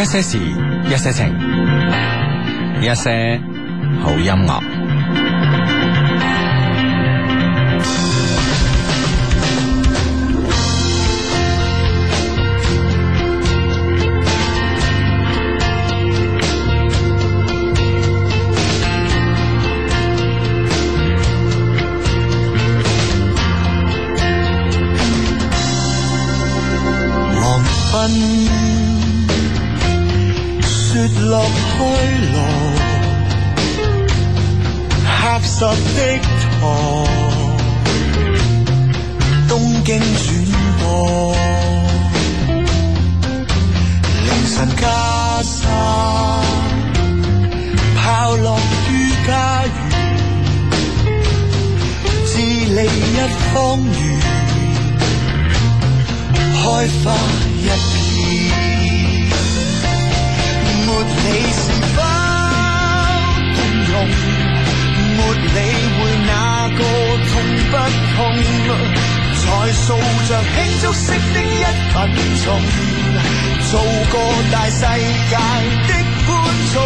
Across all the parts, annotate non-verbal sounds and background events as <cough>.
一些事，一些情，一些好音樂。十的錯，東京轉播，凌晨加沙，炮落於家園，治理一方圓，開花一片，沒理是否動容。唔理會那個痛不痛，在數着慶祝式的一分鐘，做個大世界的觀眾，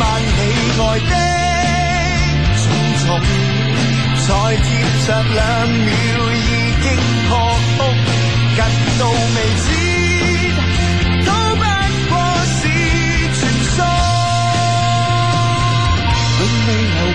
萬里外的重重，再貼着兩秒已經破空，近到未知。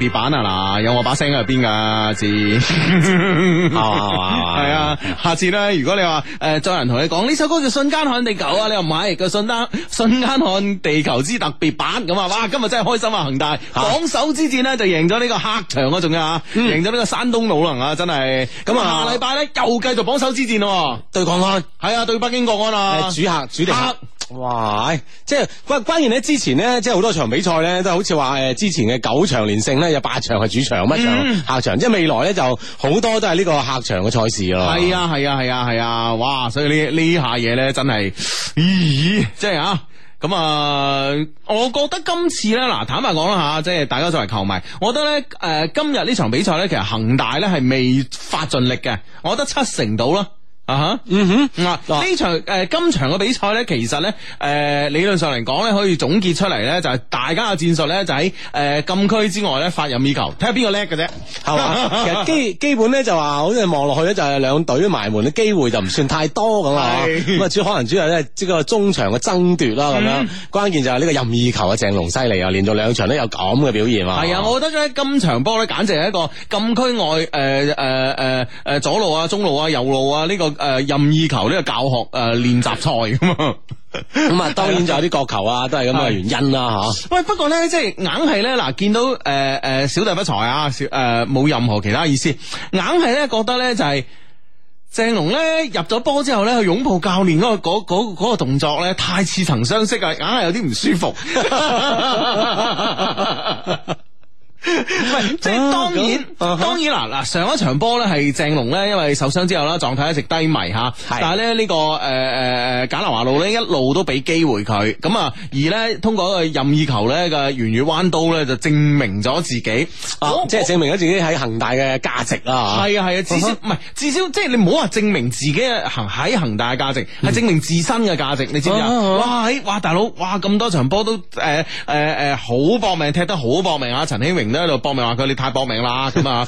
別版啊嗱，有我把聲喺入邊噶，知係啊，下次咧，如果你話誒，再有人同你講呢首歌叫《瞬間看地球》啊，你又唔係叫瞬《瞬間瞬間看地球之特別版》咁啊？哇，今日真係開心啊！恒大榜首之戰咧就贏咗呢個客場啊，仲有啊，贏咗呢個山東魯能啊，真係咁啊！下禮拜咧又繼續榜首之戰咯，對國安係啊，對北京國安啊，主客主敵。啊哇！即係關關鍵咧，之前呢，即係好多場比賽咧，都好似話誒，之前嘅九場連勝咧，有八場係主場，乜場客場？嗯、即係未來咧，就好多都係呢個客場嘅賽事咯。係啊，係啊，係啊，係啊，啊，啊，啊！哇！所以呢呢下嘢咧，真係，咦，即係啊！咁啊，我覺得今次咧，嗱，坦白講啦吓，即係大家作為球迷，我覺得咧，誒、呃，今日呢場比賽咧，其實恆大咧係未發盡力嘅，我覺得七成到啦。啊哈、uh，huh. 嗯哼，嗱、啊、呢、啊、場誒、呃、今場嘅比賽咧，其實咧誒、呃、理論上嚟講咧，可以總結出嚟咧就係、是、大家嘅戰術咧就喺誒、呃、禁區之外咧發任意球，睇下邊個叻嘅啫，係嘛？ <laughs> 其實基基本咧就話、是，好似望落去咧就係兩隊埋門嘅機會就唔算太多咁咯，咁是啊主要可能主要咧即個中場嘅爭奪啦咁樣，關鍵就係呢個任意球啊鄭龍犀利啊，連續兩場都有咁嘅表現啊，係啊，我覺得咧今場波咧簡直係一個禁區外誒誒誒誒左路啊、中路啊、右路啊呢、這個。誒、呃，任意球呢個教學誒練習賽咁啊，咁、呃、啊， <laughs> 當然就有啲角球啊，都係咁嘅原因啦、啊、吓。喂是，不過咧，即係硬係咧，嗱，見到誒誒，小弟不才啊，誒，冇、呃、任何其他意思，硬係咧覺得咧就係鄭龍咧入咗波之後咧，去擁抱教練嗰、那個嗰、那個動作咧，太似曾相識啊，硬係有啲唔舒服。 <laughs> <laughs> 唔 <laughs> 係，即係當然，哦、當然啦，嗱，上一場波咧係鄭龍咧，因為受傷之後啦，狀態一直低迷吓，的但係咧、這個呃、呢個誒誒誒簡南華路咧一路都俾機會佢，咁啊而咧通過個任意球咧個圓月彎刀咧就證明咗自己，哦、即係證明咗自己喺恒大嘅價值啊！係啊係啊，至少唔係、哦、至少即係你唔好話證明自己行喺恒大嘅價值，係、嗯、證明自身嘅價值，你知唔知啊？哇！誒，哇大佬，哇咁多場波都誒誒誒好搏命，踢、呃呃呃、得好搏命啊！陳興榮。喺度搏命話佢你太搏命啦咁啊！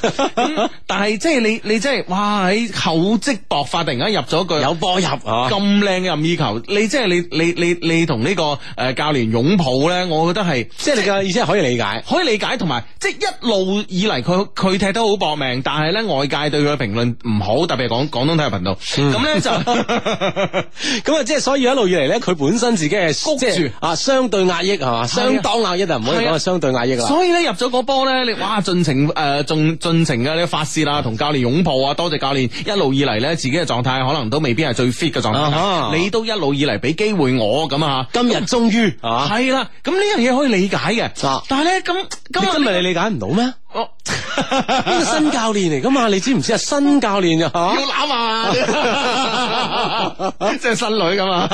但係即係你你即係哇喺厚積薄發，突然間入咗句有波入啊。咁靚嘅任意球，你即係你你你你同呢個誒教練擁抱咧，我覺得係即係你嘅意思係可以理解，可以理解，同埋即係一路以嚟佢佢踢得好搏命，但係咧外界對佢嘅評論唔好，特別係廣廣東體育頻道咁咧、嗯、就咁啊！ <laughs> <laughs> 即係所以一路以嚟咧，佢本身自己係谷住，啊相對壓抑係嘛、啊，相當壓抑啊。唔好講係相對壓抑啦。對所以咧入咗嗰波。多咧、啊呃，你哇、啊，盡情誒，盡盡情嘅呢，發泄啦，同教練擁抱啊，多謝教練一路以嚟咧，自己嘅狀態可能都未必係最 fit 嘅狀態，uh huh。你都一路以嚟俾機會我咁啊，今日終於係啦，咁呢、啊、樣嘢可以理解嘅，啊、但係咧咁今日你，你理解唔到咩？ <noise> 哦，呢 <laughs> 個新教練嚟噶嘛？你知唔知啊？新教練啊，要攬啊，即係 <laughs> <laughs> 新女噶嘛？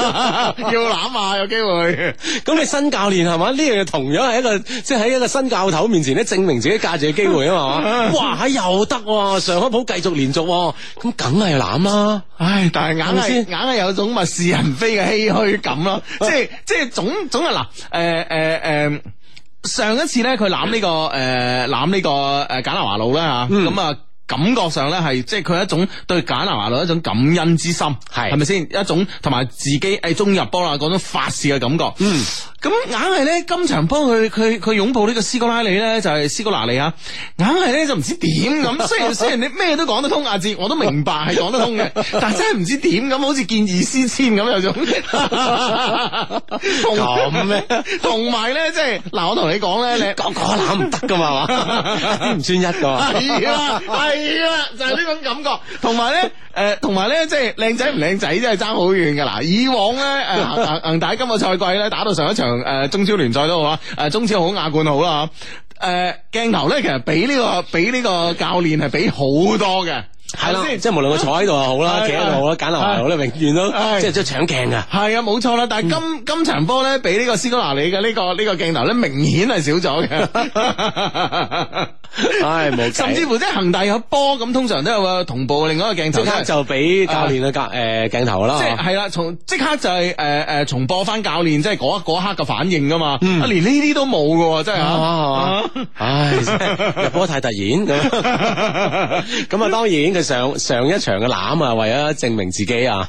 要攬啊，有機會。咁你新教練係嘛？呢樣嘢同樣係一個，即係喺一個新教頭面前咧，證明自己價值嘅機會啊嘛。哇，吓又得、啊，上海普繼續連續，續，續，續，續，續，續、啊，咁梗係攬啦。唉，哎、但係硬先，硬係有種物是人非嘅唏嘘感啦、啊啊。即係即係總總係嗱，誒誒誒。上一次咧、這個，佢攬呢個誒，攬呢個誒，簡蘭華路啦，吓、嗯，咁啊。感覺上咧係，即係佢一種對簡拿華羅一種感恩之心，係，係咪先？一種同埋自己誒中入波啦，嗰種發泄嘅感覺。嗯，咁硬係咧，今場波佢佢佢擁抱呢個斯哥拉里咧，就係斯哥拿里啊，硬係咧就唔知點咁。雖然雖然你咩都講得通，阿志我都明白係講得通嘅，但真係唔知點咁，好似見異思遷咁，有種咁咩？同埋咧，即係嗱，我同你講咧，你個個男唔得噶嘛，唔專一噶係啦， <noise> 就係、是、呢種感覺，同埋咧，誒，同埋咧，即係靚仔唔靚仔，真係爭好遠噶啦。以往咧，恒恒大今個賽季咧，打到上一場誒中超聯賽都好啊，誒中超好，亞冠好啦嗬，誒、啊、鏡頭咧，其實俾呢、這個俾呢個教練係俾好多嘅。係啦，即係無論佢坐喺度又好啦，企喺度好啦，揀落嚟好啦，永遠都，即係即係搶鏡噶。係啊，冇錯啦。但係今今場波咧，俾呢個斯哥拿里嘅呢個呢個鏡頭咧，明顯係少咗嘅。唉，冇。甚至乎即係恒大有波咁，通常都有個同步嘅另外一個鏡頭，即刻就俾教練嘅格誒鏡頭啦。即係係啦，從即刻就係誒誒重播翻教練即係嗰一刻嘅反應噶嘛。嗯。連呢啲都冇嘅，真係啊，唉，入波太突然咁。咁啊，當然。上上一場嘅攬啊，為咗證明自己啊，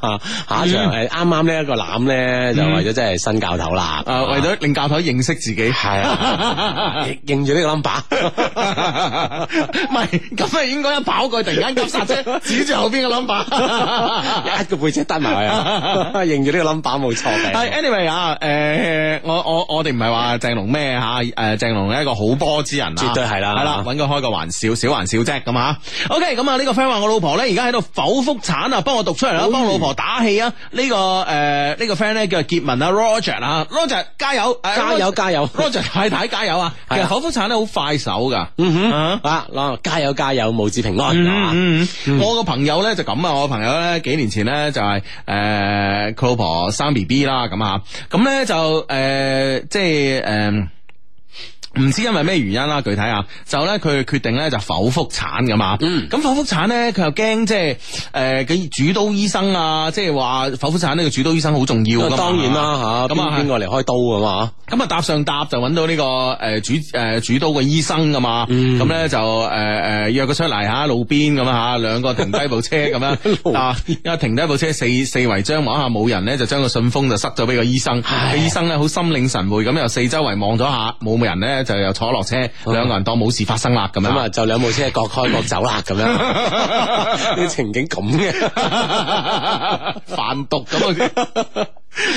下一場係啱啱呢一個攬咧，就為咗即係新教頭啦。誒，為咗令教頭認識自己，係認住呢個 number。唔係，咁應該一跑過去，突然間急煞車，指住後邊個 number，一個背脊得埋，啊，認住呢個 number 冇錯。係 anyway 啊，誒，我我我哋唔係話鄭龍咩嚇，誒，鄭龍係一個好波之人啊。絕對係啦，係啦，揾佢開個玩笑，小玩笑啫咁啊。OK，咁啊，呢個我老婆咧而家喺度剖腹產啊，幫我讀出嚟啦，幫老婆打氣啊！呢、這個誒呢、呃這個 friend 咧叫杰文啊，Roger 啊 Roger 加油！加油加油！Roger 太太加油啊！啊其實剖腹產咧好快手噶，嗯哼啊，嗱加油加油，母子平安啊！嗯嗯嗯、我個朋友咧就咁啊，我朋友咧幾年前咧就係誒佢老婆生 B B 啦，咁啊，咁咧就誒、呃、即係誒。呃嗯唔知因為咩原因啦，具體啊，就咧佢決定咧就剖腹產噶嘛。嗯。咁剖腹產咧，佢又驚即係誒嘅主刀醫生啊，即係話剖腹產呢個主刀醫生好重要嘛。啊，當然啦吓，咁啊邊個嚟開刀噶嘛？咁啊搭上搭就揾到呢個誒主誒主刀嘅醫生噶嘛。咁咧就誒誒、呃、約佢出嚟吓路邊咁 <laughs> 路啊，兩個停低部車咁樣啊，因為停低部車四四圍張望下冇人咧，就將個信封就塞咗俾個醫生。係唉。個醫生咧好心領神會咁，又四周圍望咗下冇冇人咧。就又坐落車，兩個人當冇事發生啦，咁樣啊，就兩部車各開各走啦，咁樣呢啲情景咁嘅販毒咁啊。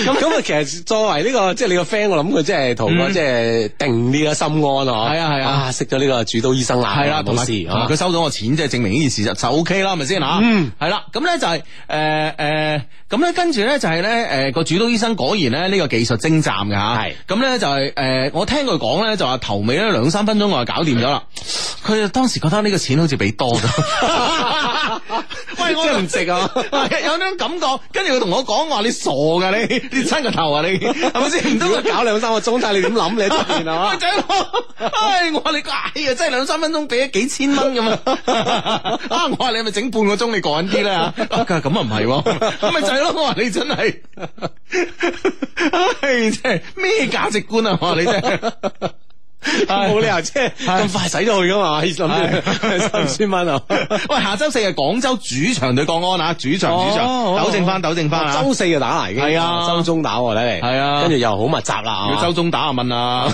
咁咁啊，其實作為呢、這個即係、就是、你個 friend，嗯、我諗佢即係同我即係定啲啦，心安嗬。係啊係啊，啊識咗呢個主刀醫生啦，係啦，同時佢嗎收到我錢，即係證明呢件事實就 O K 啦，係咪先啊？嗯、就是，係、呃、啦，咁、呃、咧就係誒誒，咁咧跟住咧就係咧誒個主刀醫生果然咧呢個技術精湛嘅吓，係咁咧就係、是、誒、呃、我聽佢講咧就話頭尾咧兩三分鐘我就搞掂咗啦，佢的當時覺得呢個錢好似俾多咗，喂，我唔值啊， <laughs> <laughs> 有呢種感覺，跟住佢同我講話你傻噶你。 <laughs> 你親個頭個 <laughs> 啊！ <laughs> 哎、你係咪先唔通我搞兩三個鐘睇你點諗你啊？嘛，咪就係咯，唉！我話你哎呀，真係兩三分鐘俾咗幾千蚊咁、 <laughs> 哎、啊！ <laughs> 啊，我話你係咪整半個鐘你趕啲咧吓？咁啊，咁啊唔係，咁咪就係咯、啊！我話你真係，唉，真係咩價值觀啊！我話你真係。冇理由，即係咁快使咗去噶嘛？係咪三千蚊？啊！喂，下周四係廣州主場對國安啊！主場主場，斗正翻斗正翻。周四就打嚟，嘅，係啊，周中打，睇嚟係啊，跟住又好密集啦。要周中打下問啊，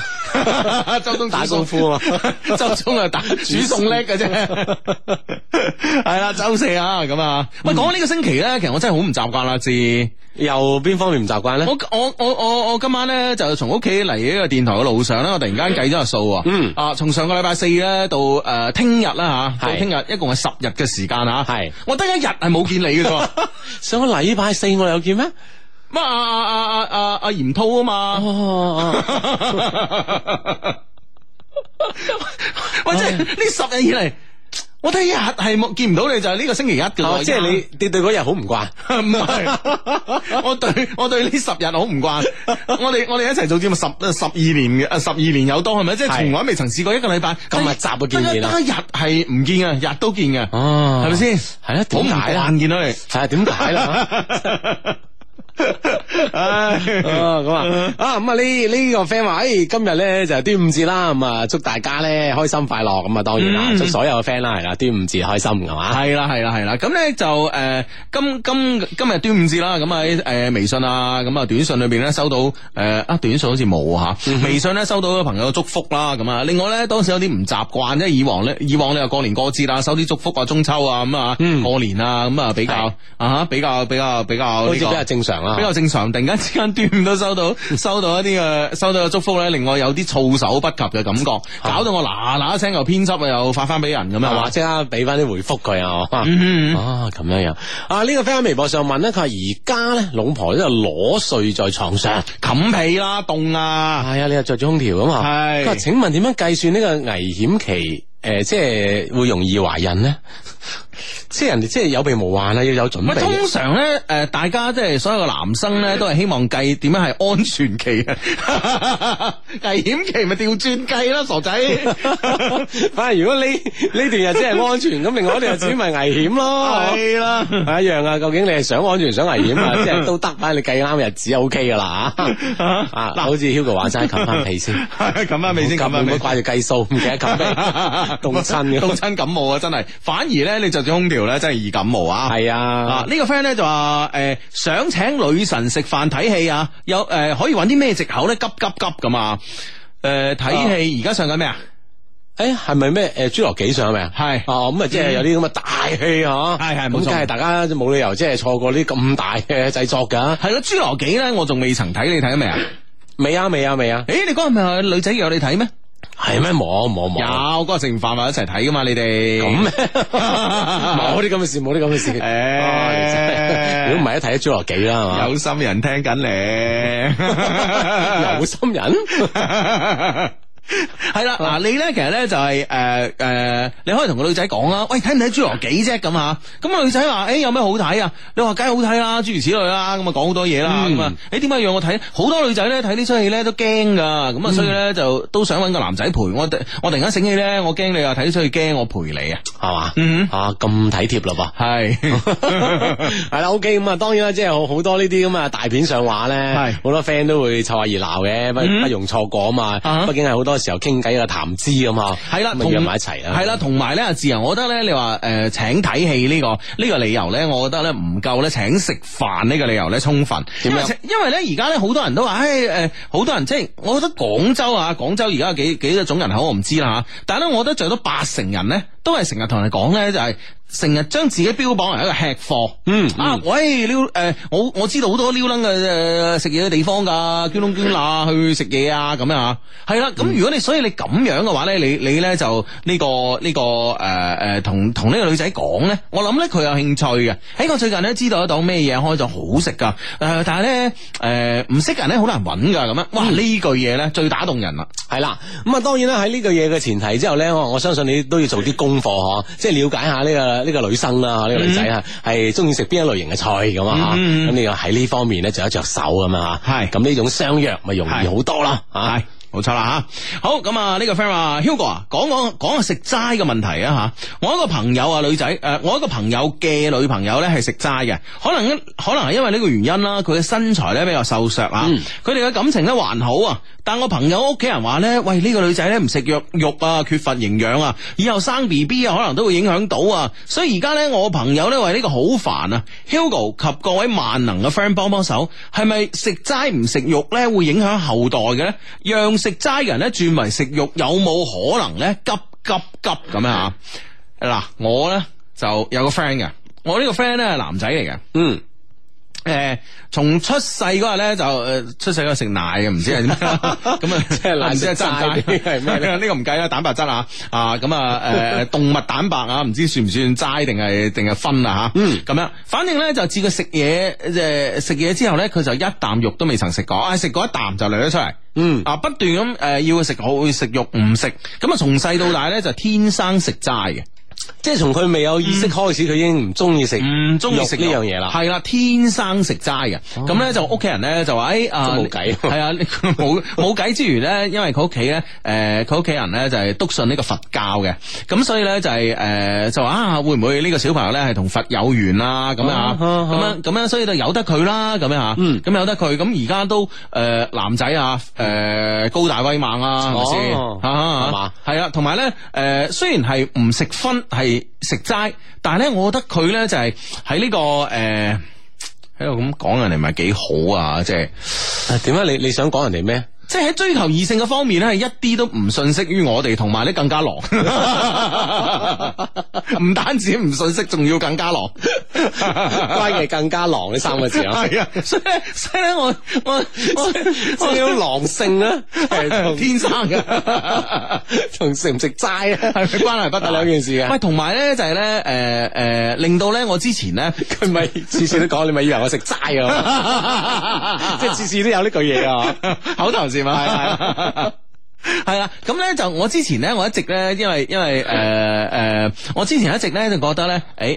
周中打功夫啊，嘛，周中啊打主送叻嘅啫。係啦，周四啊，咁啊，喂，講呢個星期咧，其實我真係好唔習慣啦，至。又邊方面唔習慣咧？我我我我我今晚咧就從屋企嚟呢個電台嘅路上咧，我突然間計咗個數。嗯。啊，從上個禮拜四咧到誒聽日啦吓，到聽日一共係十日嘅時間吓。係、啊。我得一日係冇見你嘅喎。上個禮拜四我哋有見咩？乜阿阿阿阿阿嚴濤啊嘛。或者係呢十日以嚟。我第一日係冇見唔到你，就係呢個星期一嘅，即係你跌對嗰日好唔慣。唔係，我對我對呢十日好唔慣。我哋我哋一齊做節目十十二年嘅，啊十二年有多係咪？即係從來未曾試過一個禮拜咁密集嘅見面啦。日係唔見啊，日都見嘅，係咪先？係啊，點解？眼見到你，係啊，點解啦？咁 <laughs> 啊，啊咁、嗯、啊，呢呢個 friend 話，誒，今日咧就係端午節啦，咁啊，祝大家咧開心快樂，咁啊，當然啦，祝所有嘅 friend 啦，係啦，端午節開心，係嘛？係啦，係啦，係啦，咁、嗯、咧就誒，今、呃、今今日端午節啦，咁啊，誒，微信啊，咁啊，短信裏邊咧收到誒啊，短信好似冇吓，微信咧、啊、收到朋友祝福啦，咁啊，另外咧，當時有啲唔習慣，即係以往咧，以往你又過年過節啊，收啲祝福啊，中秋啊，咁啊，過年啊，咁、嗯、啊，比較啊，比較比較比較，呢啲都係正常啊、比較正常，突然間之間端午都收到收到一啲嘅收到嘅祝福咧，令我有啲措手不及嘅感覺，搞到、啊、我嗱嗱聲又編輯又發翻俾人咁樣，吧即刻俾翻啲回覆佢啊！啊咁樣樣啊，呢、啊這個 friend 喺微博上問咧，佢話而家咧，老婆都係裸睡在床上，冚被啦，凍啊，係啊、哎，你又着住空調啊嘛，佢話是請問點樣計算呢個危險期？誒、呃，即係會容易懷孕咧？即係人哋，即係有備無患啊！要有準備。通常咧，誒、呃，大家即係所有嘅男生咧，都係希望計點樣係安全期啊， <laughs> 危險期咪調轉計啦，傻仔。反 <laughs> 而、啊、如果你呢段日子係安全，咁 <laughs> 另外一段日子咪危險咯，係啦，係、啊、一樣啊。究竟你係想安全想危險啊？ <laughs> 即係都得、啊，反你計啱日子 O K 噶啦啊啊！嗱，好似 Hugo 話齋，冚翻被先，冚翻被先，冇冇掛住計數，唔記得冚被，凍親嘅，凍親感冒啊！真係，反而咧你就。空調咧真係易感冒啊！係啊，啊這個、呢個 friend 咧就話、是、誒、呃、想請女神食飯睇戲啊，有誒、呃、可以揾啲咩藉口咧？急急急咁啊！誒睇戲而家上緊咩啊？誒係咪咩誒《侏羅紀》上咩啊？係哦咁啊，即係有啲咁嘅大戲啊？係係冇錯，咁梗係大家冇理由即係錯過呢咁大嘅製作噶。係咯，《侏羅紀》咧我仲未曾睇，你睇咗未啊？未啊未啊未啊！誒，你嗰日咪係女仔有你睇咩？係咩？冇冇冇，有嗰日食完飯咪一齊睇噶嘛？你哋咁冇啲咁嘅事，冇啲咁嘅事。誒、 <laughs> 哦，如果唔係 <laughs> 一睇《侏羅紀》啦，係嘛？有心人聽緊你，有 <laughs> <laughs> 心人。 <laughs> 係啦，嗱、嗯啊、你咧，其實咧就係誒誒，你可以同個女仔講啦，喂睇唔睇侏羅紀啫咁啊，咁女仔話誒有咩好睇啊？你話梗係好睇啦，啊，諸如此類啦，咁啊講好多嘢啦，咁啊，誒點解讓我睇？好多女仔咧睇呢出戲咧都驚噶，咁啊所以咧就都想揾個男仔陪我，我。我突然間醒起咧，我驚你啊睇咗出戲驚，我陪你嗯嗯啊，係嘛？嗯咁體貼啦噃，係係啦，OK 咁啊，當然啦，即係好多呢啲咁嘅大片上畫咧，係好多 friend 都會湊下熱鬧嘅，嗯嗯不容錯過啊嘛。畢、嗯嗯、竟係好多。時候傾偈啊，談資咁啊，係啦，約埋一齊啦，係啦，同埋咧自由，我覺得咧，你話誒請睇戲呢個呢個理由咧，我覺得咧唔夠咧，請食飯呢個理由咧充分，因為樣因為咧而家咧好多人都話，誒誒，呃、好多人即係，我覺得廣州啊，廣州而家有幾幾多種人口我唔知啦吓，但係咧，我覺得最多八成人咧都係成日同人講咧就係、是。成日將自己標榜為一個吃貨、嗯，嗯啊喂，撩誒、呃，我我知道好多撩捻嘅誒食嘢嘅地方噶，捐窿捐罅去食嘢啊咁啊，係啦，咁、嗯嗯、如果你所以你咁樣嘅話咧，你你咧就呢、這個呢、這個誒誒、呃呃，同同呢個女仔講咧，我諗咧佢有興趣嘅。喺、欸、我最近咧知道一檔咩嘢開咗好食噶，誒、呃，但係咧誒唔識人咧好難揾噶咁啊。哇，嗯、句呢句嘢咧最打動人啦，係啦、嗯，咁啊，當然啦喺呢句嘢嘅前提之後咧，我相信你都要做啲功課，嗬，即係了解下呢、這個。呢個女生啦，呢、呢個女仔啊，係中意食邊一類型嘅菜咁啊？吓，咁你話喺呢方面咧，就有着手咁啊？吓，係咁呢種相約，咪容易好多啦，係。冇錯啦吓，好，咁啊，呢個 friend 啊，Hugo 啊，講講講下食齋嘅問題啊吓。我一個朋友啊女仔，誒，我一個朋友嘅女朋友呢，係食齋嘅，可能可能係因為呢個原因啦，佢嘅身材呢比較瘦削啊。佢哋嘅感情呢還好啊，但我朋友屋企人話呢：「喂，呢個女仔呢唔食肉肉啊，缺乏營養啊，以後生 B B 啊可能都會影響到啊。所以而家呢，我朋友呢，為呢個好煩啊，Hugo 及各位萬能嘅 friend 幫幫手，係咪食齋唔食肉呢？會影響後代嘅呢？讓食齋人咧轉為食肉，有冇可能咧？急急急咁樣吓，嗱、嗯，我咧就有個 friend 嘅，我呢個 friend 咧係男仔嚟嘅，嗯。誒，從出世嗰日咧就誒，出世嗰日食奶嘅，唔知係點，咁啊即係奶，即係齋係咩呢 <laughs> 個唔計啦，蛋白質啊，啊咁啊，誒、啊、 <laughs> 動物蛋白啊，唔知算唔算齋定係定係葷啊吓，咁、啊嗯、樣，反正咧就自佢食嘢，誒食嘢之後咧，佢就一啖肉都未曾食過，啊食過一啖就嚟咗出嚟，嗯啊、呃，不斷咁誒要佢食好，食肉唔食，咁啊從細到大咧就天生食齋嘅。即係從佢未有意識開始，佢已經唔中意食唔中意食呢樣嘢啦。係啦，天生食齋嘅。咁咧就屋企人咧就話誒，係啊，冇冇計之馀咧，因為佢屋企咧誒，佢屋企人咧就係篤信呢個佛教嘅。咁所以咧就係誒，就話啊，會唔會呢個小朋友咧係同佛有緣啊？咁樣咁樣咁樣，所以就由得佢啦。咁樣吓，咁由得佢。咁而家都誒男仔啊，誒高大威猛啊，係咪先啊？係嘛，係啊。同埋咧誒，雖然係唔食葷。係食齋，但係咧，我覺得佢咧就係喺呢個誒，喺度咁講人哋唔係幾好啊！即係誒點解你你想講人哋咩？即係喺追求異性嘅方面咧，一啲都唔遜色於我哋，同埋咧更加狼，唔單止唔遜色，仲要更加狼，關嘅更加狼呢三個字啊！係啊，所以咧，所以咧，我我我呢種狼性咧係同天生嘅，同食唔食齋咧係關係不大兩件事嘅。喂，同埋咧就係咧，誒誒，令到咧我之前咧，佢咪次次都講，你咪以為我食齋啊？即係次次都有呢句嘢啊，口頭係係係啊！咁咧就我之前咧，我一直咧，因為因為誒誒，我之前我一直咧就覺得咧，誒、欸、誒、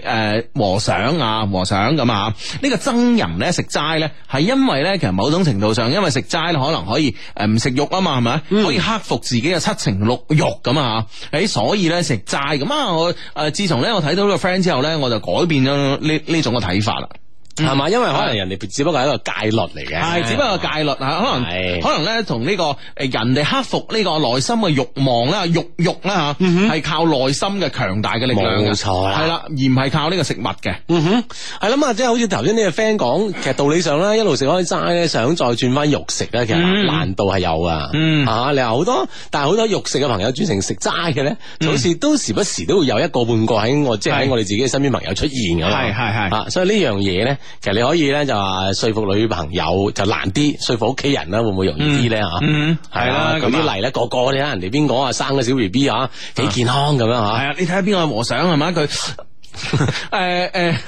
呃，和尚啊，和尚咁啊，呢、呢個僧人咧食齋咧，係因為咧，其實某種程度上，因為食齋咧，可能可以誒唔食肉啊嘛，係咪？嗯、可以克服自己嘅七情六欲咁啊！誒，所以咧食齋咁啊，嗯、自從我誒，自從咧我睇到呢個 friend 之後咧，我就改變咗呢呢種嘅睇法啦。係嘛？因為可能人哋只不過係一個戒律嚟嘅，係只不過戒律吓，可能可能咧同呢個誒人哋克服呢個內心嘅欲望啦、肉欲啦吓，係靠內心嘅強大嘅力量冇錯啦，係啦，而唔係靠呢個食物嘅，嗯哼，係啦嘛，即係好似頭先呢個 friend 講，其實道理上咧一路食開齋咧，想再轉翻肉食咧，其實難度係有噶，吓，你話好多，但係好多肉食嘅朋友轉成食齋嘅咧，就好似都時不時都會有一個半個喺我即係喺我哋自己嘅身邊朋友出現噶啦，係係係，啊，所以呢樣嘢咧。其實你可以咧就話說服女朋友就難啲，說服屋企人啦，會唔會容易啲咧吓？係啦、嗯，嗰啲例咧個個你睇下人哋邊個啊生咗小 B B 啊，幾的健康咁樣吓。係啊，樣你睇下邊個係和尚係嘛佢？誒誒，唔係、 <laughs> 呃呃，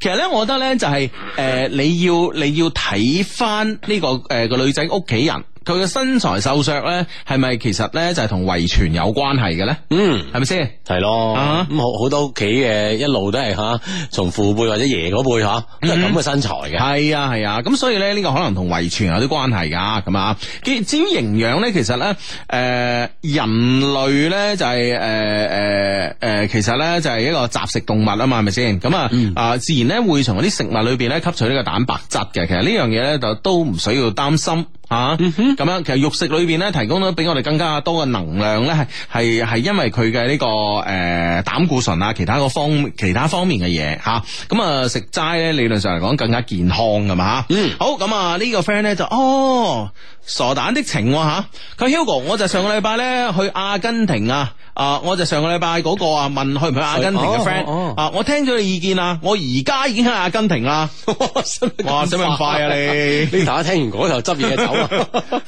其實咧我覺得咧就係、是、誒、呃，你要你要睇翻呢個誒個、呃、女仔屋企人。佢嘅身材瘦削咧，係咪其實咧就係同遺傳有關係嘅咧？嗯，係咪先？係咯，咁好好多屋企嘅一路都係吓，從父輩或者爺嗰輩吓，都係咁嘅身材嘅。係啊係啊，咁、啊、所以咧呢個可能同遺傳有啲關係噶，咁啊。至於營養咧，其實咧，誒人類咧就係誒誒誒，其實咧就係一個雜食動物啊嘛，係咪先？咁啊啊，自然咧會從嗰啲食物裏邊咧吸取呢個蛋白質嘅。其實呢樣嘢咧就都唔需要擔心。吓，咁樣、嗯、其實肉食裏邊咧，提供咗俾我哋更加多嘅能量咧，係係係因為佢嘅呢個誒膽、呃、固醇啊，其他個方其他方面嘅嘢吓，咁啊食齋咧理論上嚟講更加健康㗎嘛吓，嗯，好，咁啊呢個 friend 咧就哦。傻蛋的情吓、啊，佢 Hugo，我就上個禮拜咧去阿根廷啊，啊，我就上個禮拜嗰個啊問去唔去阿根廷嘅 friend 啊，我聽咗你意見啊，我而家已經喺阿根廷啦，哇，使咁快啊你？呢大家聽完嗰頭執嘢走啊，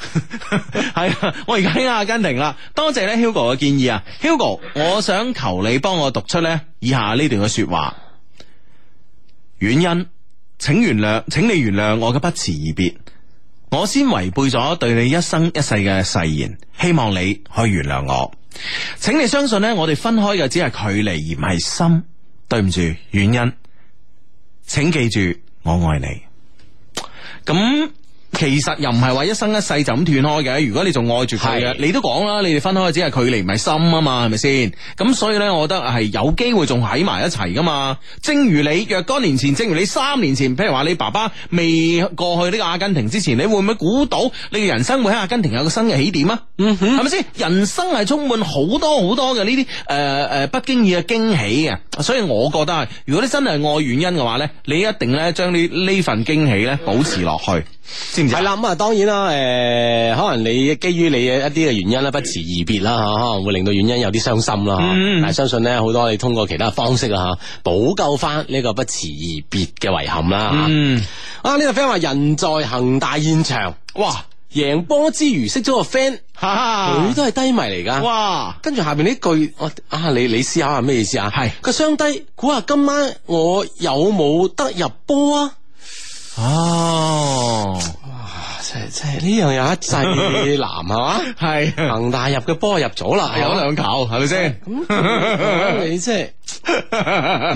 係啊，我而家喺阿根廷啦，多謝咧 Hugo 嘅建議啊，Hugo，我想求你幫我讀出咧以下呢段嘅說話，原因，請原諒，請你原諒我嘅不辭而別。我先違背咗對你一生一世嘅誓言，希望你可以原諒我，請你相信咧，我哋分開嘅只係距離而唔係心，對唔住，原因，請記住我愛你，咁。其實又唔係話一生一世就咁斷開嘅。如果你仲愛住佢嘅，你都講啦。你哋分開只係距離唔係心啊嘛，係咪先？咁所以呢，我覺得係有機會仲喺埋一齊噶嘛。正如你若干年前，正如你三年前，譬如話你爸爸未過去呢個阿根廷之前，你會唔會估到你嘅人生會喺阿根廷有個新嘅起點啊？嗯哼，係咪先？人生係充滿好多好多嘅呢啲誒誒不經意嘅驚喜嘅，所以我覺得啊，如果你真係愛原因嘅話呢，你一定咧將呢呢份驚喜咧保持落去。知唔知係啦，咁啊、嗯，當然啦，誒、呃，可能你基於你嘅一啲嘅原因啦，不辭而別啦，吓，可能會令到遠欣有啲傷心啦。嗯，但係相信咧，好多你通過其他方式啊，吓補救翻呢個不辭而別嘅遺憾啦。嗯，啊呢、這個 friend 話人在恒大現場，哇，贏波之餘識咗個 friend，吓，佢 <laughs> 都係低迷嚟噶。哇，跟住下面呢句，我啊，你你思考下咩意思啊？係是，個雙低，估下今晚我有冇得入波啊？哦，哇，即係即係呢樣有一劑難係嘛，係恒 <laughs> 是大入嘅波入咗啦，吧有咗兩球係咪先？咁你即係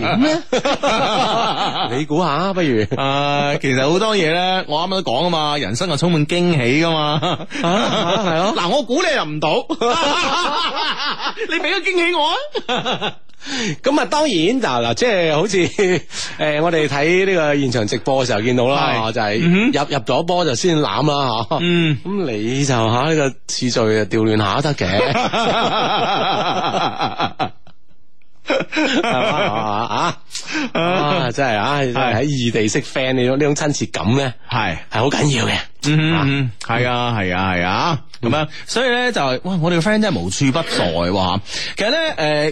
點咧？你估下不如？誒，uh, 其實好多嘢咧，我啱啱都講啊嘛，人生又充滿驚喜噶嘛，係咯。嗱，我估你入唔到， <laughs> <laughs> 你俾個驚喜我啊！ <laughs> 咁啊，當然嗱嗱，即、就、係、是、好似誒，我哋睇呢個現場直播嘅時候見到啦，是就係入入咗波就先攬啦吓。嗯，咁、啊、你就吓呢、啊這個次序調亂 <laughs> 啊調亂下得嘅。啊真係啊，喺、啊、異地識 friend 呢種呢種親切感咧，係係好緊要嘅。嗯，係啊，係啊，係啊。咁樣，所以咧就係哇，我哋嘅 friend 真係無處不在哇、啊！其實咧，誒、呃，二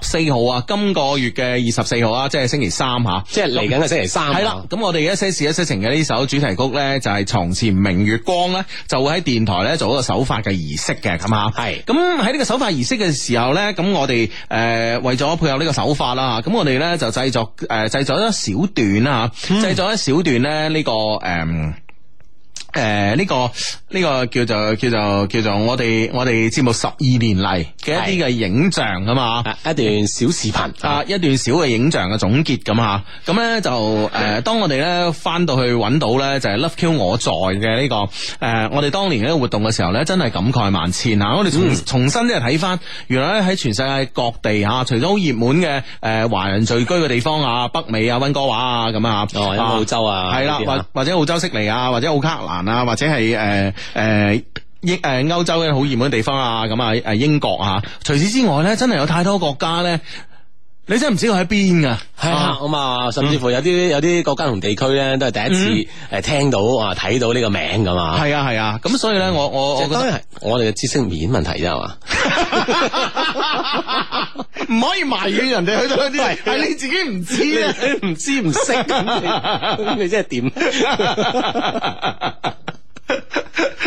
十四號啊，今個月嘅二十四號啊，即係星期三吓，即係嚟緊嘅星期三。係、啊、啦，咁、啊、我哋一些事一些情嘅呢首主題曲咧，就係、是、床前明月光咧，就會喺電台咧做一個首發嘅儀式嘅，咁啊，係是。咁喺呢個首發儀式嘅時候咧，咁我哋誒、呃、為咗配合個呢個首發啦，咁我哋咧就製作誒製、呃、作一小段啦吓，製、啊、作一小段咧呢、這個誒。嗯誒，呢、呃這個呢、這個叫做叫做叫做我哋我哋節目十二年嚟嘅一啲嘅影像的啊嘛，一段小視頻啊，啊一段小嘅影像嘅總結咁吓，咁、啊、咧就誒，的當我哋咧翻到去揾到咧就係 Love Q 我在嘅呢、這個誒、啊，我哋當年嘅活動嘅時候咧，真係感慨萬千吓，我哋重重新即係睇翻，原來咧喺全世界各地吓，除咗好熱門嘅誒華人聚居嘅地方啊，北美啊、溫哥華啊咁啊吓，澳洲啊，係啦、啊，或的或者澳洲悉尼啊，或者奧克蘭。呃呃、啊，或者係誒誒英誒歐洲嘅好熱門嘅地方啊，咁啊誒英國啊，除此之外咧，真係有太多國家咧。你真係唔知道喺邊噶，係啊，咁啊！甚至乎有啲、嗯、有啲國家同地區咧，都係第一次誒聽到啊睇、嗯、到呢個名噶嘛。係啊係啊！咁、啊、所以咧，嗯、我我我覺得係我哋嘅知識面問題啫係嘛，唔 <laughs> <laughs> 可以埋怨人哋去到嗰啲係你自己唔知啊，唔 <laughs> 知唔識咁，你真係點？ <laughs>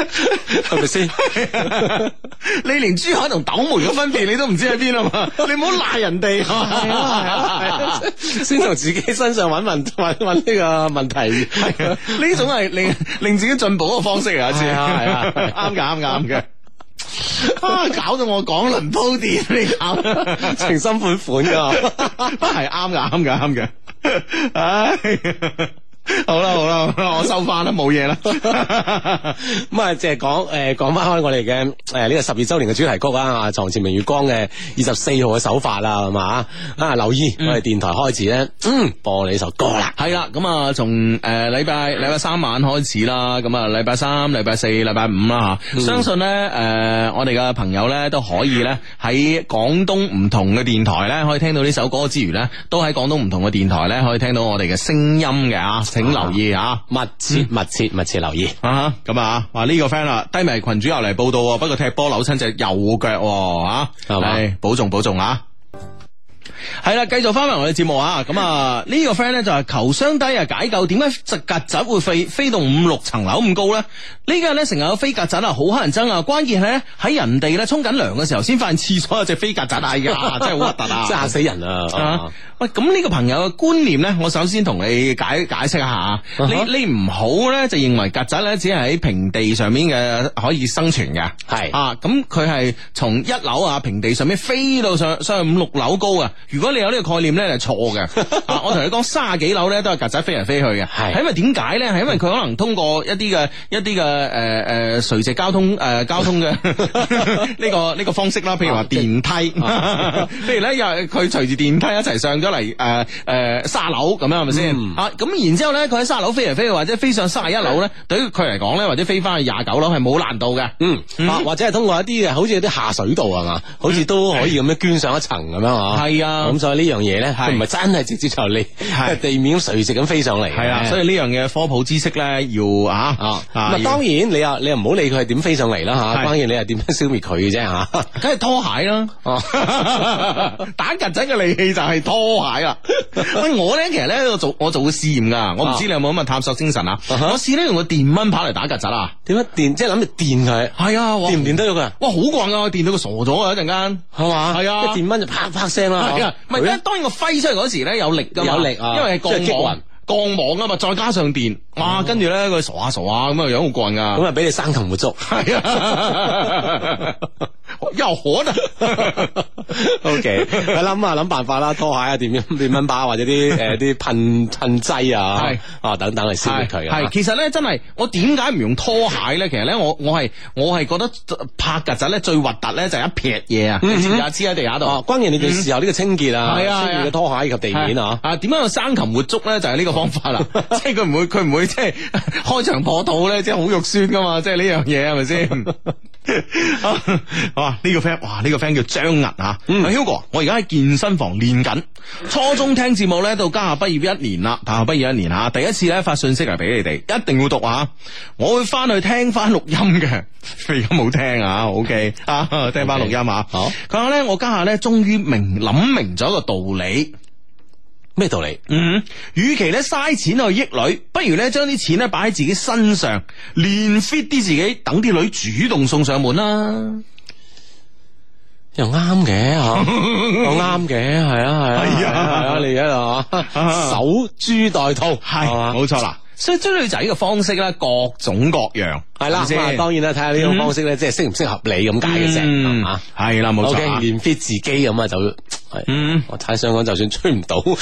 係咪先？ <laughs> <laughs> <laughs> 你連珠海同斗門嘅分別你都唔知喺邊啊嘛？你唔好賴人哋、啊， <laughs> <laughs> 先從自己身上揾揾揾揾呢個問題。呢 <laughs> 種係令 <laughs> 令自己進步嘅方式嚟，一係啊，啱啱嘅，啱嘅。搞到我講輪鋪墊，你搞！情深款款噶，係啱嘅，啱嘅，啱嘅，哎。收翻啦，冇嘢啦。咁啊， <laughs> <laughs> 即係講誒，講翻開我哋嘅誒呢個十二周年嘅主題曲啊，《床前明月光》嘅二十四號嘅手法啦，係、啊、嘛啊！留意、嗯、我哋電台開始咧，嗯，播你首歌啦。係、呃、啦，咁啊，從誒禮拜禮拜三晚開始啦，咁啊禮拜三、禮拜四、禮拜五啦吓，嗯、相信咧誒、呃，我哋嘅朋友咧都可以咧喺廣東唔同嘅電台咧可以聽到呢首歌之餘咧，都喺廣東唔同嘅電台咧可以聽到我哋嘅聲音嘅啊，請留意啊，切，密切，密切留意、嗯、啊，啊！咁啊，話、這、呢個 friend 啦、啊，低迷群主又嚟報道、啊，不過踢波扭親隻右腳吓、啊，係、啊、咪吧、哎、保重，保重啊！係啦，繼續翻嚟我哋節目啊！咁啊，呢個 friend 咧就話求傷低啊，解救點解隻曱甴會飛，飛到五六層樓咁高咧？呢個咧成日有飛曱甴啊，好乞人憎啊！關鍵係咧，喺人哋咧沖緊涼嘅時候，先發現廁所有隻飛曱甴啊！真係好核突啊！吓死人啊！喂，咁呢個朋友嘅觀念咧，我首先同你解解釋一下，啊、你你唔好咧就認為曱甴咧只係喺平地上面嘅可以生存嘅，係是啊，咁佢係從一樓啊平地上面飛到上上去五六樓高啊！如果你有呢個概念咧，係錯嘅。啊， <laughs> 我同你講，卅幾樓咧都係曱甴飛嚟飛去嘅。係是，因為點解咧？係因為佢可能通過一啲嘅一啲嘅誒誒垂直交通誒、呃、交通嘅呢、這個呢、這個方式啦。譬如話、啊、電梯，譬 <laughs> <laughs> 如咧又佢隨住電梯一齊上咗嚟誒誒卅樓咁樣係咪先？呃呃是是嗯、啊，咁然之後咧，佢喺卅樓飛嚟飛去，或者飛上卅一樓咧，嗯、對於佢嚟講咧，或者飛翻去廿九樓係冇難度嘅。嗯、啊，或者係通過一啲嘅好似有啲下水道係嘛，好似都可以咁樣捐上一層咁樣啊。係。咁所以呢樣嘢咧，佢唔係真係直接就嚟係地面垂直咁飛上嚟，係啊，所以呢樣嘢科普知識咧，要啊啊，當然你又你又唔好理佢係點飛上嚟啦吓，關鍵你又點樣消滅佢嘅啫吓，梗係拖鞋啦，打曱甴嘅利器就係拖鞋啦。喂，我咧其實咧，我做我做個試驗噶，我唔知你有冇咁嘅探索精神啊？我試咧用個電蚊拍嚟打曱甴啊？點樣電？即係諗住電佢，係啊，電唔電得咗佢？哇，好慣啊！我電到佢傻咗啊！一陣間係嘛？係啊，一電蚊就啪啪聲啦。唔係，因為當然我揮出嚟嗰時咧有力噶㗎，啊、因為係個擊雲。鋼網啊嘛，再加上電，哇！跟住咧，佢傻下傻下咁啊，樣好怪噶，咁啊俾你生擒活捉，係啊，又可得。OK，我諗啊諗辦法啦，拖鞋啊，點樣點蚊巴或者啲誒啲噴噴劑啊，係啊等等嚟消滅佢。係，其實咧真係我點解唔用拖鞋咧？其實咧我我係我係覺得拍曱甴咧最核突咧就係一撇嘢啊，黐啊黐喺地下度。啊，關鍵你哋事後呢個清潔啊，清潔嘅拖鞋以及地面啊，啊點樣去生擒活捉咧就係呢個。 <laughs> 方法啦，即係佢唔會，佢唔會即係開場破肚咧，即係好肉酸噶嘛，即係呢樣嘢係咪先？是是 <laughs> <laughs> 好啊，呢、這個 friend，哇，呢、這個 friend 叫張銀啊，Hugo 我而家喺健身房練緊，初中聽節目咧，到家下畢業一年啦，大學、嗯、畢業一年吓，第一次咧發信息嚟俾你哋，一定要讀啊，我會翻去聽翻錄音嘅，而家冇聽啊，OK，啊，聽翻錄音 okay，啊，佢咁咧，我家下咧終於明諗明咗一個道理。咩道理？嗯，與其咧嘥錢去益女，不如咧將啲錢咧擺喺自己身上，練 fit 啲自己，等啲女主動送上門啦。又啱嘅，又啱嘅，係啊，係啊，嚟啊，守株待兔，係冇錯啦。所以追女仔嘅方式咧，各種各樣。係啦，咁、嗯、當然啦，睇下呢種方式咧，即係適唔適合你咁解嘅啫。吓係啦，冇錯，fit 自己咁啊，就係。嗯、我太想講，就算吹唔到， <laughs> 自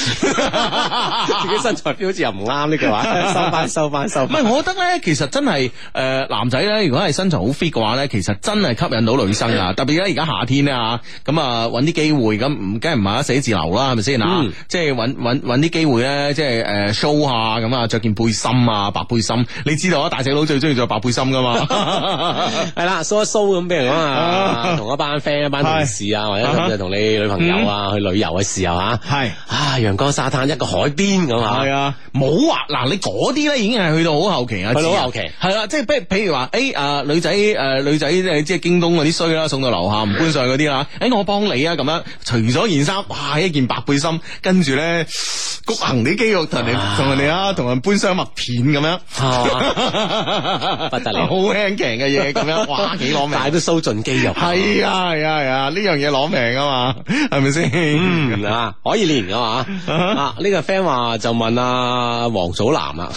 己身材標尺又唔啱呢句話，收翻收翻收。唔係，我覺得咧、呃，其實真係誒，男仔咧，如果係身材好 fit 嘅話咧，其實真係吸引到女生啊。特別咧，而家夏天啊，咁、嗯、啊，揾啲機會咁，梗係唔係喺寫字樓啦，係咪先嗱，即係揾揾揾啲機會咧，即係誒 show 下咁啊，着件背心啊，白背心。你知道啊，大隻佬最中意着白背心。噶嘛，係啦，show 一 show 咁，比如講啊，同一班 friend、一班同事啊，或者同你女朋友啊去旅遊嘅時候吓，係啊，陽光沙灘一個海邊咁啊，係啊，冇啊嗱，你嗰啲咧已經係去到好後期啊，去到後期係啦，即係譬如譬如話，誒啊，女仔誒女仔即係京東嗰啲衰啦，送到樓下唔搬上嗰啲啦，誒我幫你啊，咁樣除咗件衫，哇一件白背心，跟住咧焗行啲肌肉同人同人哋啊，同人搬箱麥片咁樣。好輕奇嘅嘢咁樣，哇幾攞命，大家 <laughs> 都收盡肌肉。係啊，係啊，係啊，呢樣嘢攞命啊嘛，係咪先？ <laughs> 嗯、啊，可以練噶嘛？啊，呢、呢個 friend 話就問阿黃祖藍啦，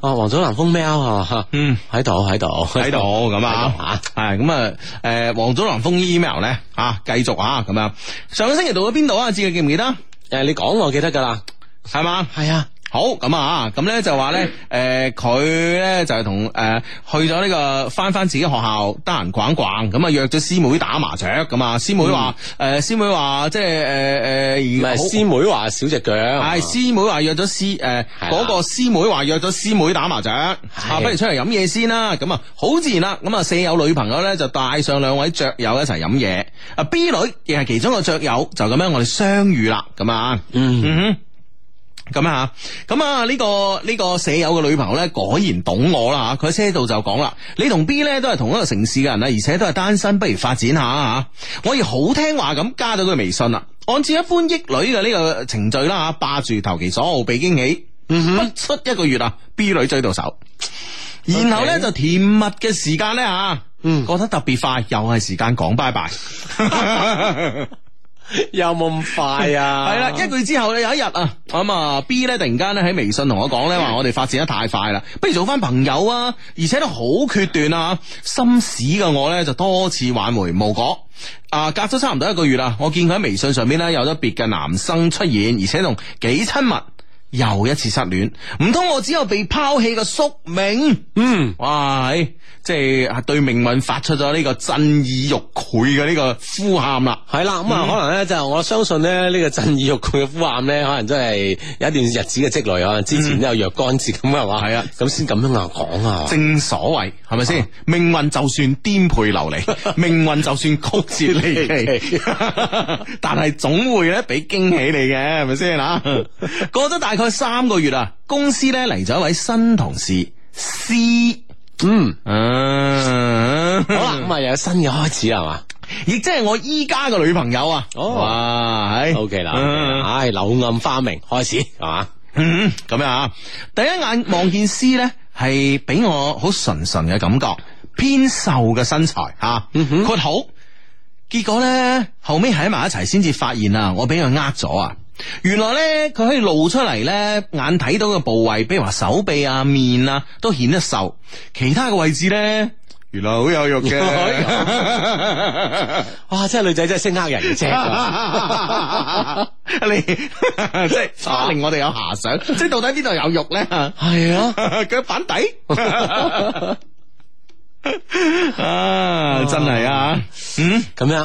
啊黃祖藍封 mail 啊，嗯，喺度喺度喺度咁啊，啊，係咁啊，誒、啊，黃祖藍封 email 咧啊，繼續啊，咁、啊、樣上個星期到咗邊度啊？知記唔記得？誒，你講我記得噶啦，係嘛嗎？係啊。好咁啊，咁咧就話咧，誒、呃，佢咧就係同誒去咗呢、這個返返自己學校，得閒逛逛，咁啊約咗師妹打麻雀咁啊。師妹話，誒、嗯呃，師妹話即係，誒，誒，師妹話少隻腳，係是師妹話約咗師，誒、呃，是啊、個師妹話約咗師妹打麻雀，是啊，啊不如出嚟飲嘢先啦。咁啊，好自然啦、啊。咁啊，四有女朋友咧就帶上兩位雀友一齊飲嘢。啊 B 女亦係其中個雀友，就咁樣我哋相遇啦。咁啊，嗯。嗯咁啊，咁啊，呢、這個呢、這個舍友嘅女朋友呢，果然懂我啦吓，佢車度就講啦，你同 B 呢，都係同一個城市嘅人啦，而且都係單身，不如發展下吓、啊，我亦好聽話咁加咗佢微信啦，按照一般益女嘅呢個程序啦吓，霸住投其所好，俾驚喜，嗯、哼不出一個月啊，B 女追到手，然後呢，Okay. 就甜蜜嘅時間呢，吓，嗯，覺得特別快，又係時間講拜拜。 <laughs> <laughs> <laughs> 有冇咁快啊？係啦， <laughs> 一個月之後咧，有一日啊，咁啊 B 咧突然間咧喺微信同我講咧，話我哋發展得太快啦，不如做翻朋友啊！而且都好決斷啊，心死嘅我咧就多次挽回無果。啊，隔咗差唔多一個月啦，我見佢喺微信上邊咧有咗別嘅男生出現，而且仲幾親密。又一次失戀，唔通我只有被拋棄嘅宿命？嗯，哇，即係對命運，就是、發出咗呢個震耳欲聾嘅呢個呼喊啦。係啦，咁 <noise> 啊、嗯就是這個，可能咧就我相信咧呢個震耳欲聾嘅呼喊咧，可能真係有一段日子嘅積累啊。之前都有若干次咁嘅係嘛？係、 <noise> 嗯、 <noise> 啊，咁先咁樣講啊。正所謂係咪先？是是啊、命運就算顛沛流離，命運 <laughs> 就算曲折離奇，笑 <laughs> <noise> 但係總會咧俾驚喜你嘅，係咪先啦？過咗大，大。開三個月啦，公司咧嚟咗一位新同事，思嗯，嗯好啦，咁啊、嗯嗯、有新嘅開始啦，係嘛？亦即係我依家嘅女朋友啊，哦、哇，係是 OK 啦，okay 嗯、唉，柳暗花明開始係嘛？嗯，咁樣啊，第一眼望見思咧、嗯，係俾我好純純嘅感覺，偏瘦嘅身材吓，個、啊、肚、嗯哼，結果咧後尾喺埋一齊，先至發現啊，我俾佢呃咗啊！原來咧，佢可以露出嚟咧，眼睇到嘅部位，比如話手臂啊、面啊，都顯得瘦；其他嘅位置咧，原來好有肉嘅。 <laughs> <laughs> 哇，即真係女仔真係識呃人，啫 <laughs> <laughs> 你， <laughs> 即係是、啊、令我哋有遐想， <laughs> 即係到底邊度有肉咧？係啊，腳 <laughs> 板底 <laughs> <laughs> 啊，真係啊，嗯，咁樣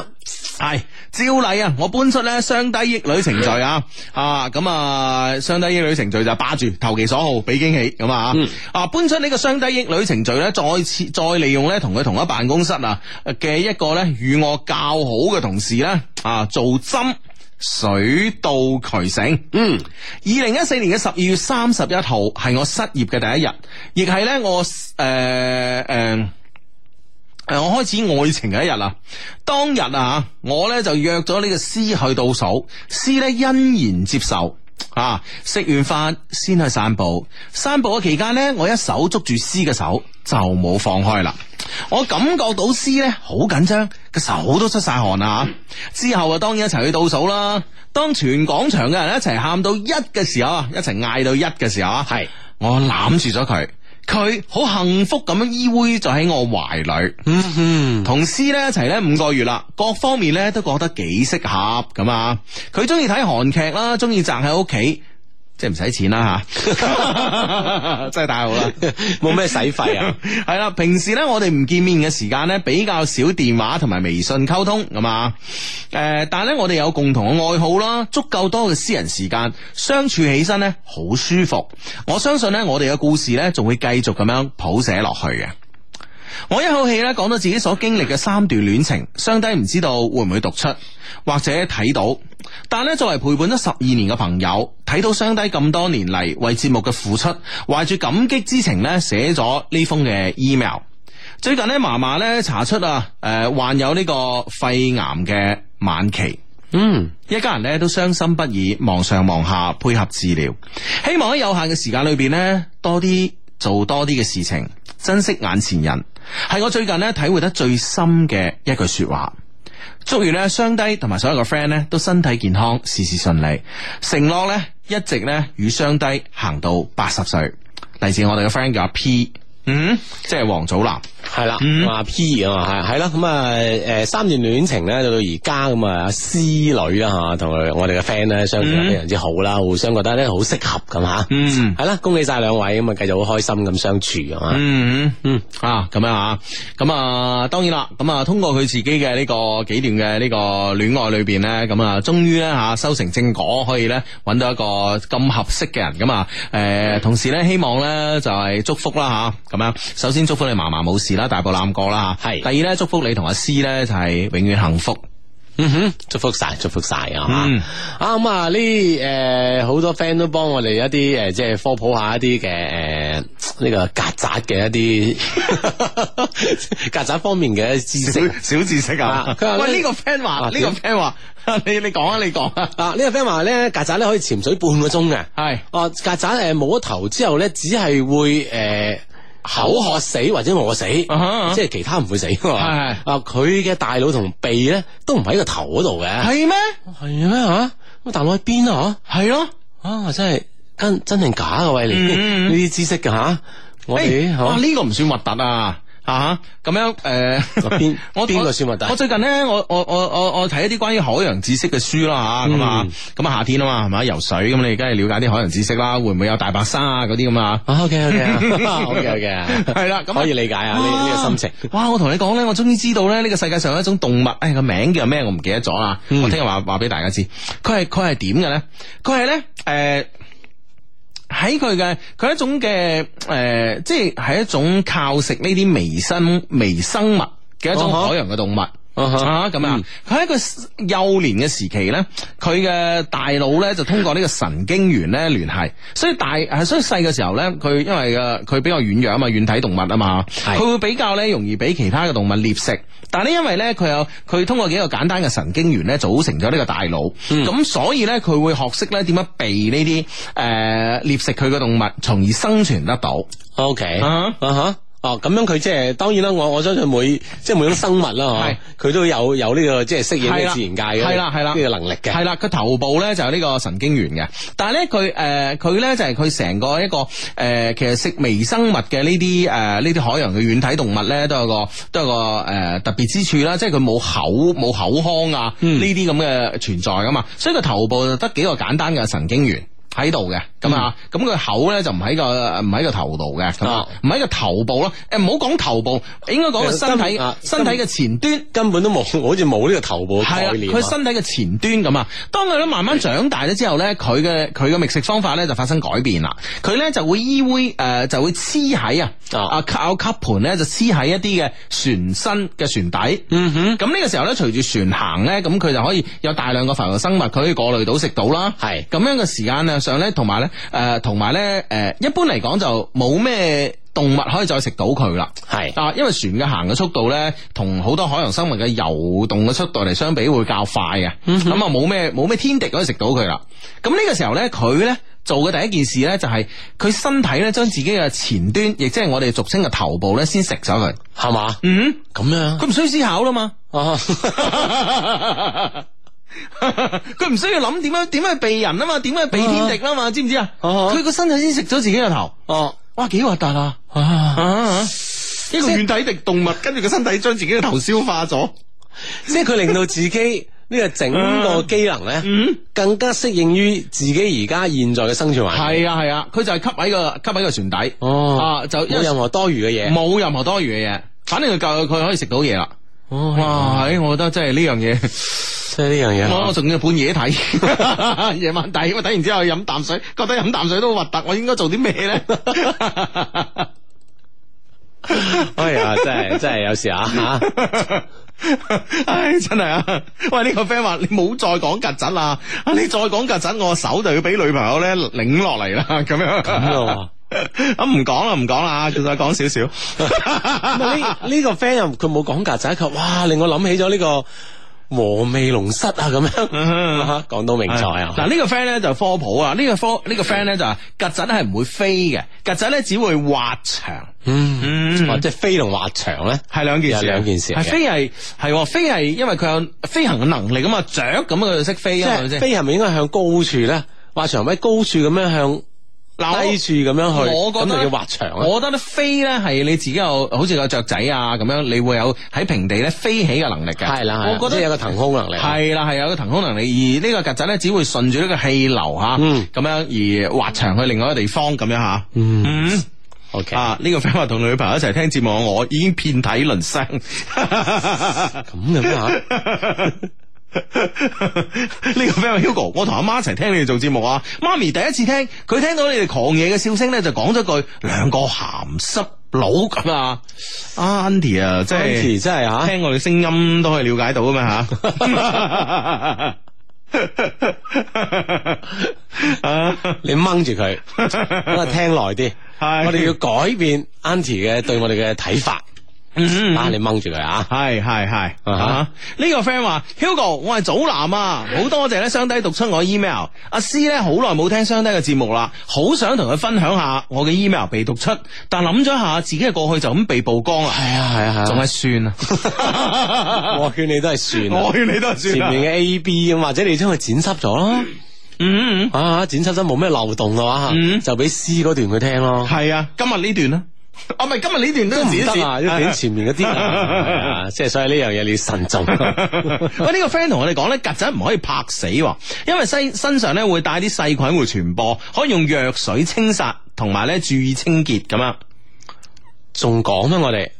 係。哎照例啊，我搬出咧雙低益女程序啊，啊咁啊雙低益女程序就霸住，投其所好，俾驚喜咁、嗯、啊，啊搬出呢個雙低益女程序咧，再次再利用咧同佢同一辦公室啊嘅一個咧與我較好嘅同事咧啊做針水到渠成，嗯，二零一四年嘅十二月三十一號係我失業嘅第一日，亦係咧我誒誒。呃呃誒，我開始愛情嘅一日啦，啊。當日啊，我咧就約咗呢個詩去倒數，詩咧欣然接受。啊，食完飯先去散步。散步嘅期間呢，我一手捉住詩嘅手，就冇放開啦。我感覺到詩咧好緊張，個手都出晒汗啊。之後啊，當然一齊去倒數啦。當全廣場嘅人一齊喊到一嘅時候啊，一齊嗌到一嘅時候啊，係我攬住咗佢。佢好幸福咁樣依偎就喺我懷裏，嗯哼，同詩咧一齊咧五個月啦，各方面咧都覺得幾適合咁啊！佢中意睇韓劇啦，中意宅喺屋企。即唔使錢啦吓， <laughs> <laughs> 真係太好啦，冇咩使費啊。係 <laughs> 啦，平時呢，我哋唔見面嘅時間呢，比較少電話同埋微信溝通，係嘛？誒、呃，但係咧我哋有共同嘅愛好啦，足夠多嘅私人時間相處起身呢，好舒服。我相信呢，我哋嘅故事呢，仲會繼續咁樣譜寫落去嘅。我一口氣咧講到自己所經歷嘅三段戀情，雙低唔知道會唔會讀出或者睇到。但咧，作為陪伴咗十二年嘅朋友，睇到雙低咁多年嚟為節目嘅付出，懷住感激之情咧寫咗呢封嘅 email。最近咧，嫲嫲咧查出啊，誒、呃，患有呢個肺癌嘅晚期。嗯，一家人咧都傷心不已，忙上忙下配合治療，希望喺有限嘅時間裏邊咧多啲做多啲嘅事情，珍惜眼前人。係我最近咧體會得最深嘅一句說話，祝願咧雙低同埋所有嘅 friend 咧都身體健康，事事順利，承諾咧一直咧與雙低行到八十歲。嚟自我哋嘅 friend 叫阿 P。嗯，即係王祖藍係啦，阿、嗯、P 啊、嗯，係係啦，咁啊，誒，三段戀情咧，到到而家咁啊，阿 C 女啦吓，同我哋嘅 friend 咧相處得非常之好啦，嗯、哼互相覺得咧好適合咁吓，係啦、嗯哼，恭喜晒兩位咁啊，繼續好開心咁相處啊、嗯，嗯嗯嗯，啊，咁樣啊，咁啊，當然啦，咁啊，通過佢自己嘅呢個幾段嘅呢個戀愛裏邊咧，咁啊，終於咧吓收成正果，可以咧搵到一個咁合適嘅人咁啊，誒，同時咧希望咧就係祝福啦吓。啊咁樣，首先祝福你嫲嫲冇事啦，大步攬過啦。係第二咧，祝福你同阿師咧，就係永遠幸福。嗯哼，祝福晒，祝福晒啊！啱啊，呢誒好多 friend 都幫我哋一啲誒，即係科普下一啲嘅誒呢個曱甴嘅一啲曱甴方面嘅知識小知識啊。喂呢個 friend 話呢個 friend 話你你講啊，你講啊。呢個 friend 話咧曱甴咧可以潛水半個鐘嘅係哦。曱甴誒冇咗頭之後咧，只係會誒。口渴死或者餓死，uh huh, uh huh。即係其他唔會死。係啊、uh，佢、huh。嘅 <laughs> <laughs> 大腦同鼻咧都唔喺個頭嗰度嘅。係咩嗎？係咩吓？咁大腦喺邊啊？吓，係咯。啊，啊啊真係真真定假噶喂！嗯、你呢啲知識噶吓，我哋哇呢個唔算核突啊！啊咁樣誒，邊、呃、邊我邊個書物？但係我，我最近咧，我我我我我睇一啲關於海洋知識嘅書啦吓，咁啊咁、嗯、啊夏天啊嘛，係咪游水？咁你梗係了解啲海洋知識啦，會唔會有大白鯊啊嗰啲咁啊？OK OK，OK 好嘅，係啦，咁可以理解啊呢呢個心情。哇、啊！我同你講咧，我終於知道咧呢個世界上有一種動物，誒、哎、個名叫咩？我唔記得咗啦。嗯、我聽日話話俾大家知，佢係佢係點嘅咧？佢係咧誒。喺佢嘅佢係一種嘅誒、呃，即係係一種靠食呢啲微生微生物嘅一種海洋嘅動物。 <noise> 咁啊！佢喺個幼年嘅時期呢，佢嘅大腦呢就通過呢個神經元呢聯繫，所以大所以細嘅時候呢，佢因為嘅佢比較軟弱啊嘛，軟體動物啊嘛，佢會比較呢容易俾其他嘅動物獵食。但係呢，因為呢，佢有佢通過幾個簡單嘅神經元呢組成咗呢個大腦，咁、uh huh. 所以呢，佢會學識呢點樣避呢啲誒獵食佢嘅動物，從而生存得到。OK. Uh huh. Uh huh. 哦，咁樣佢即係當然啦，我我相信每即係每種生物啦，嗬 <laughs> 是，佢都有有呢、這個即係適應自然界嘅呢個能力嘅。係啦，佢頭部咧就係呢個神經元嘅。但係咧佢誒佢咧就係佢成個一個誒、呃、其實食微生物嘅呢啲誒呢啲海洋嘅軟體動物咧都有個都有個誒、呃、特別之處啦，即係佢冇口冇口腔啊呢啲咁嘅存在噶嘛，所以佢頭部就得幾個簡單嘅神經元喺度嘅。咁啊，咁佢、嗯、口咧就唔喺個唔喺個頭度嘅，唔喺個頭部咯。誒、哦，唔好講頭部，應該講個身體，啊、身體嘅前端根本，根本都冇，好似冇呢個頭部概念。係啊，佢身體嘅前端咁啊。當佢咧慢慢長大咗之後咧，佢嘅佢嘅覓食方法咧就發生改變啦。佢咧就會依偎誒，就會黐喺、哦、啊、嗯、啊吸盤咧就黐喺一啲嘅船身嘅船底。嗯哼，咁呢個時候咧，隨住船行咧，咁佢就可以有大量嘅浮游生物，佢可以過濾到食到啦。係咁是的 的樣嘅時間量上咧，同埋咧。誒，同埋咧，誒、呃，一般嚟講就冇咩動物可以再食到佢啦。係是，啊，因為船嘅行嘅速度咧，同好多海洋生物嘅游動嘅速度嚟相比會較快嘅，咁啊冇咩冇咩天敵可以食到佢啦。咁呢個時候咧，佢咧做嘅第一件事咧，就係、是、佢身體咧將自己嘅前端，亦即係我哋俗稱嘅頭部咧，先食咗佢，係嘛吧？嗯，咁樣，佢唔需要思考啦嘛。 <laughs> 佢唔 <laughs> 需要諗點樣點樣避人啊嘛，點樣避天敵啊嘛，知唔知啊？佢個 <laughs> 身體先食咗自己個頭。哦， <laughs> 哇，幾核突啊！啊， <laughs> 一個軟體動物，跟住個身體將自己個頭消化咗， <laughs> 即係佢令到自己呢個整個機能咧，更加適應於自己而家現在嘅生存環境。係啊係啊，佢、啊啊、就係吸喺個吸喺個船底。哦、啊啊，就冇任何多餘嘅嘢，冇任何多餘嘅嘢，反正佢夠佢可以食到嘢啦。哇，哇欸、我覺得真係呢樣嘢，真係呢樣嘢。我仲哇要半夜睇，夜 <laughs> <laughs> 晚睇，因為睇完之後飲啖水，覺得飲啖水都好核突。我應該做啲咩咧？ <laughs> 哎呀，真係真係有時啊，吓、啊，係、 <laughs> 哎，真係啊！喂，呢、呢個 friend 話你冇再講曱甴啦，啊，你再講曱甴，我手就要俾女朋友咧擰落嚟啦，咁樣咁啊！咁唔講啦，唔講啦，再講少少。呢 <laughs> 呢、 <laughs> 這個 friend 佢冇講曱甴，佢哇令我諗起咗呢個和味龍虱啊咁樣。講到明在啊，嗱、啊、呢、啊啊啊 <laughs> 這個 friend 咧就科普啊，呢個科呢個 friend 咧就話曱甴係唔會飛嘅，曱甴咧只會滑翔，嗯，即係飛同滑翔咧，係兩件事，啊，兩件事。係飛係係、哦、飛係，因為佢有飛行嘅能力咁嘛。雀咁佢就識飛啊。即係飛係咪應該向高處咧？滑翔喺高處咁樣向。低處咁樣去，咁就要滑翔。我覺得咧飛咧係你自己有，好似個雀仔啊咁樣，你會有喺平地咧飛起嘅能力嘅。係啦的，係，即係有個騰空能力。係啦，係有個騰空能力。而呢個曱甴咧只會順住呢個氣流吓，咁、嗯、樣而滑翔去另外一個地方咁樣吓。嗯，OK。啊，呢、這個 friend 話同女朋友一齊聽節目，我已經遍體鱗傷。咁又咩吓？ <laughs> 呢 <laughs> 個 friend r Hugo，我同阿媽一齊聽你哋做節目啊！媽咪第一次聽，佢聽到你哋狂野嘅笑聲咧，就講咗句兩個鹹濕佬咁啊，啊！Auntie 啊，即係，真係吓，聽我哋聲音都可以了解到噶嘛吓。啊 <laughs> 啊、你掹住佢，聽 <laughs> 我聽耐啲。我哋要改變 Auntie 嘅對我哋嘅睇法。嗯，啊，你掹住佢啊，係係係，啊，呢個 friend 話，Hugo，我係祖藍啊，好多謝咧，雙低讀出我 email，阿 C 咧好耐冇聽雙低嘅節目啦，好想同佢分享下我嘅 email 被讀出，但諗咗下自己嘅過去就咁被曝光啦，係啊係啊係，仲係算啊，我勸你都係算，我勸你都係算，前面嘅 A B 咁，或者你將佢剪輯咗咯，嗯，啊，剪輯咗冇咩漏洞嘅話，就俾 C 嗰段佢聽咯，係啊，今日呢段啦。哦，唔係，啊、今日呢段都唔得啊！要點前面嗰啲、啊，即係、 <laughs> 啊、所以呢樣嘢你要慎重。喂， <laughs> 呢個 friend 同我哋講咧，曱甴唔可以拍死，因為身身上咧會帶啲細菌會傳播，可以用藥水清殺，同埋咧注意清潔咁啊。仲講咩？我哋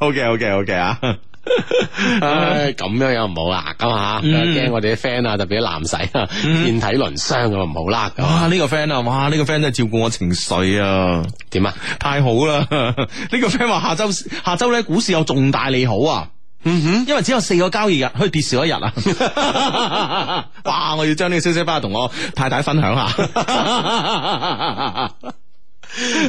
？O K O K O K 啊！唉，咁樣又唔好啦，咁吓，驚我哋啲 friend 啊，特別啲男仔遍體鱗傷，咁唔好啦。哇，呢個 friend 啊，哇，呢個 friend 真係照顧我情緒啊，點啊？太好啦！呢個 friend 話下周下周咧，股市有重大利好啊。嗯哼，因為只有四個交易日，可以跌少一日啊。哇，我要將呢個消息翻去同我太太分享下。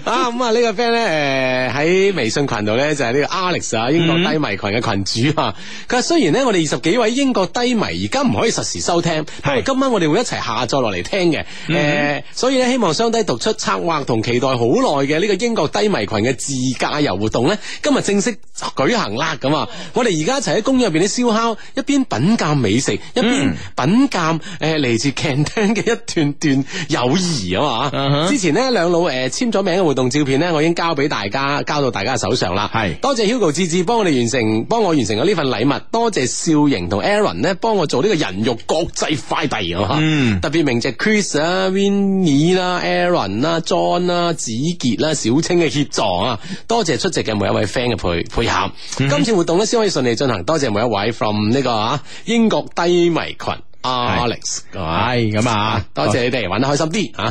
啊 <laughs> 咁啊，呢、這個 friend 咧、呃，誒喺微信群度咧，就係、是、呢個 Alex 啊，英國低迷群嘅群主啊。佢話雖然呢，我哋二十幾位英國低迷而家唔可以實時收聽，是但係今晚我哋會一齊下載落嚟聽嘅。誒、呃，嗯、哼所以咧，希望雙低讀出策劃同期待好耐嘅呢個英國低迷群嘅自駕遊活動咧，今日正式舉行啦。咁啊，我哋而家一齊喺公園入邊啲燒烤，一邊品鑒美食，一邊品鑒誒嚟自 Canter 嘅一段段友誼啊嘛。啊啊之前呢，兩老誒、呃。簽咗名嘅活動照片呢，我已經交俾大家，交到大家手上啦。係是多謝 Hugo 志志幫我哋完成，幫我完成咗呢份禮物。多謝笑盈同 Aaron 咧，幫我做呢個人肉國際快遞。嗯，特別鳴謝 Chris 啊、Winnie 啦、啊、Aaron 啦、啊、John 啦、啊、子杰啦、小青嘅協助啊！多謝出席嘅每一位 friend 嘅配配合。嗯、今次活動呢，先可以順利進行，多謝每一位 from 呢個啊英國低迷群。Uh, Alex，係咁、哎、啊，多謝你哋玩得開心啲啊，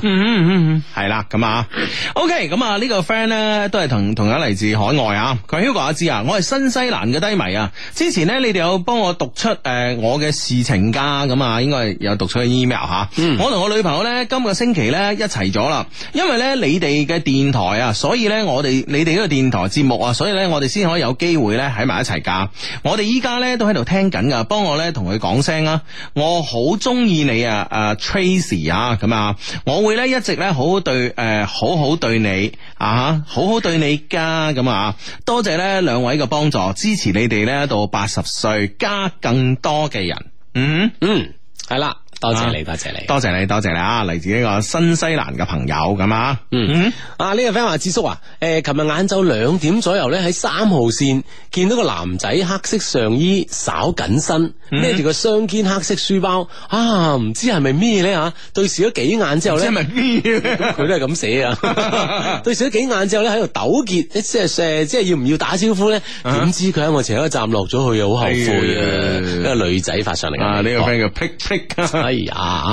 係啦、嗯，咁、嗯嗯嗯、啊 <laughs> ，OK，咁啊、這個、呢個 friend 呢都係同同樣嚟自海外啊，佢 Hugo 阿志啊，我係新西蘭嘅低迷啊，之前呢，你哋有幫我讀出誒、呃、我嘅事情家咁啊，應該係有讀出 email 吓、啊，嗯、我同我女朋友呢，今個星期呢一齊咗啦，因為呢你哋嘅電台啊，所以呢我哋你哋嗰個電台節目啊，所以呢我哋先可以有機會呢喺埋一齊噶，我哋依家呢都喺度聽緊噶，幫我呢同佢講聲啊。我。好中意你啊，啊 Tracy 啊，咁啊，我會咧一直咧好好對誒、呃，好好對你啊，好好對你噶，咁啊，多謝咧兩位嘅幫助、支持，你哋咧到八十歲加更多嘅人，嗯嗯，係啦。多謝你，多謝你，多謝你，多謝你啊！嚟自呢個新西蘭嘅朋友咁啊，嗯啊呢、這個 friend 話智叔啊，誒、呃，琴日晏晝兩點左右咧，喺三號線見到個男仔黑色上衣，稍緊身，孭住個雙肩黑色書包啊，唔知係咪咩咧啊？對視咗幾眼之後咧，係咪佢都係咁寫啊，對視咗幾眼之後咧，喺度糾結，即係要唔要打招呼咧？點知佢喺我前一站落咗去好後悔啊！一、這個女仔發上嚟啊呢個 friend 嘅 pic pic。哎呀啊！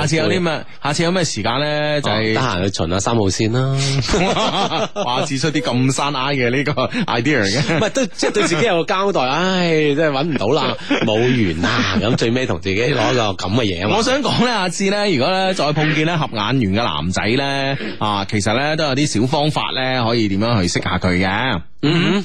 下次有啲乜，下次有咩時間咧，就係得閒去巡下三號線啦。下次出啲咁山 I 嘅呢個 idea 嘅，係都即係對自己有個交代。唉，真係揾唔到啦，冇緣啦。咁最尾同自己攞個咁嘅嘢。我想講咧，下次咧，如果咧再碰見咧合眼緣嘅男仔咧啊，其實咧都有啲小方法咧，可以點樣去識下佢嘅。嗯，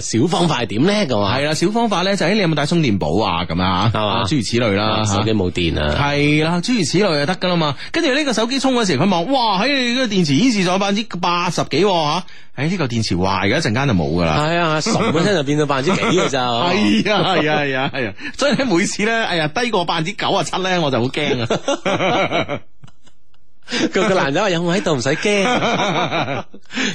小方法係點叻？咁係啦，小方法咧就係你有冇帶充電寶啊？咁啊，諸如此類啦，手機冇電啊。係啦，諸、啊、如此類就得噶啦嘛。跟住呢個手機充嘅時候，佢望，哇，喺、哎、你個電池顯示咗百分之八十幾吓、啊，喺、哎、呢、這個電池壞嘅一陣間就冇噶啦。係啊，十 percent 就變咗百分之幾噶咋。係 <laughs> 啊係啊係啊，啊，所以每次咧，哎呀，低過百分之九十七咧，我就好驚啊。 <laughs> 個 <laughs> 個男仔話有我喺度唔使驚，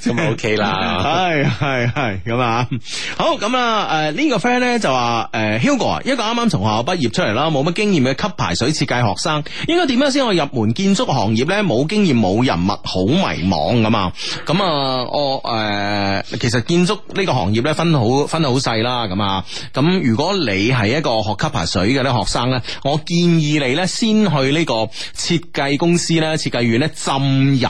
咁咪 <laughs> OK 啦。係係係咁啊！嗯、 <laughs> 好咁啊！誒、呃這個、呢個 friend 咧就話，誒 Hugo 啊，呃、gar, 一個啱啱從學校畢業出嚟啦，冇乜經驗嘅吸排水設計學生，應該點樣先可以入門建築行業咧？冇經驗冇人物，好迷茫咁啊！咁啊、呃，我誒、呃、其實建築呢個行業咧分好分得好細啦。咁啊，咁如果你係一個學吸排水嘅啲學生咧，我建議你咧先去呢個設計公司咧設計。院咧浸淫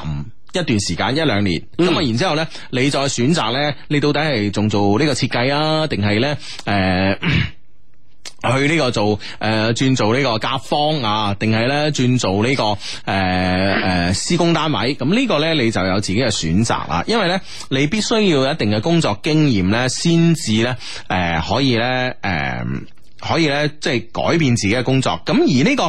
一段時間一兩年，咁啊、嗯，然之後咧，你再選擇咧，你到底係仲做呢個設計啊，定係咧，誒、呃，去呢個做誒、呃、轉做呢個甲方啊，定係咧轉做呢、這個誒誒施工單位？咁、這個、呢個咧，你就有自己嘅選擇啦。因為咧，你必須要有一定嘅工作經驗咧，先至咧，誒，可以咧，誒，可以咧，即係改變自己嘅工作。咁而呢個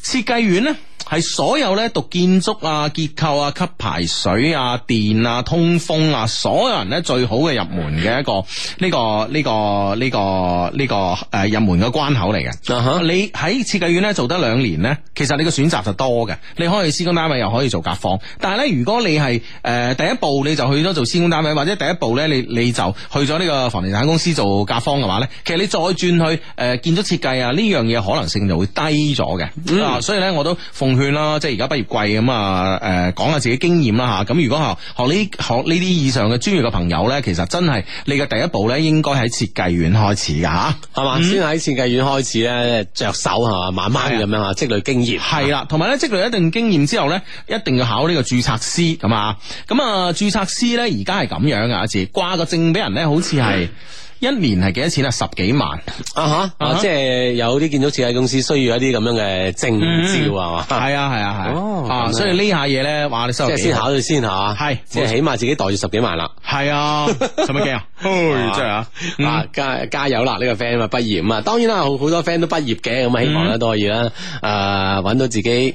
設計院咧。係所有咧讀建築啊、結構啊、吸排水啊、電啊、通風啊，所有人咧最好嘅入門嘅一個呢、 <laughs> 呢個呢、呢個呢、呢個呢、呢個誒、呃、入門嘅關口嚟嘅。Uh huh. 你喺設計院咧做得兩年呢，其實你嘅選擇就多嘅，你可以施工單位又可以做甲方。但係咧，如果你係誒、呃、第一步你就去咗做施工單位，或者第一步咧你你就去咗呢個房地產公司做甲方嘅話咧，其實你再轉去誒、呃、建築設計啊呢樣嘢可能性就會低咗嘅。啊，所以咧我都奉券啦，即係而家畢業季咁啊，誒，講下自己經驗啦吓。咁如果學學呢學呢啲以上嘅專業嘅朋友呢，其實真係你嘅第一步呢，應該喺設計院開始噶吓，係嘛吧，嗯、先喺設計院開始慢慢、啊啊、呢，着手係慢慢咁樣啊，積累經驗。係啦，同埋呢，積累一定經驗之後呢，一定要考呢個註冊師咁啊。咁啊，註冊師呢，而家係咁樣啊，字掛個證俾人呢，好似係。嗯一年係幾多錢啊？十幾萬啊吓！啊，即係有啲建築設計公司需要一啲咁樣嘅證照啊嘛。係啊係啊係。啊，所以呢下嘢咧，話你收即係先考到先吓。係，即係起碼自己袋住十幾萬啦。係啊，使乜驚啊，真係啊，加加油啦！呢個 friend 啊，畢業啊嘛。當然啦，好多 friend 都畢業嘅，咁啊，希望咧都可以啦。誒，揾到自己。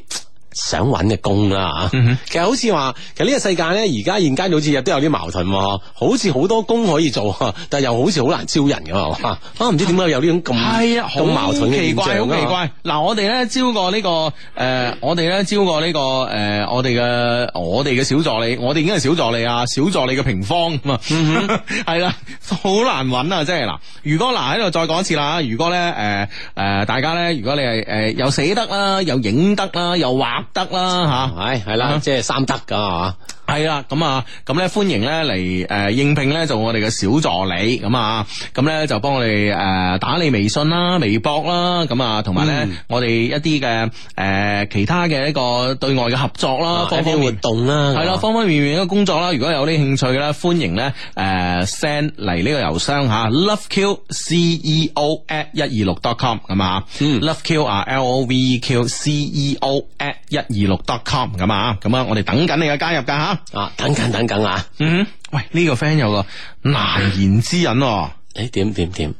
想揾嘅工啦，啊、嚇、嗯哲，其實好似話，其實呢個世界咧，而家現間好似亦都有啲矛盾，好似好多工可以做，但係又好似好難招人咁嘛。啊，唔知點解有呢種咁咁的矛盾嘅現象啊，奇怪，好奇怪。嗱、嗯，我哋咧招過，這個呢個誒，我哋咧招過，這個呢個誒，我哋嘅我哋嘅小助理，我哋已經係小助理啊，小助理嘅平方咁啊！係啦，好難揾啊！即係嗱，如果嗱喺度再講一次啦，如果咧誒誒，大家咧，如果你係誒又寫得啦，又影得啦，又畫。又得啦吓，係係、啊啊哎、啦，啊、即係三得噶、啊、吓。係啦，咁啊，咁咧、啊、歡迎咧嚟誒應聘咧就我哋嘅小助理，咁啊，咁咧、啊、就幫我哋誒、呃、打理微信啦、微博啦，咁啊，同埋咧我哋一啲嘅誒其他嘅一個對外嘅合作啦，方方面面活動啦，係啦、啊，方方面面嘅工作啦，啊、如果有啲興趣嘅咧，歡迎咧誒 send 嚟呢、呃、個郵箱吓，loveqceo@ at 一二六 .com，係嘛，loveq 啊，l o v q c e o@ at 一二六 .com，咁啊，咁、嗯嗯、啊，我哋等緊你嘅加入噶吓。啊啊，等緊等緊啊！嗯，喂，呢、這個 friend 有個難言之隱、啊，誒、欸，點點點？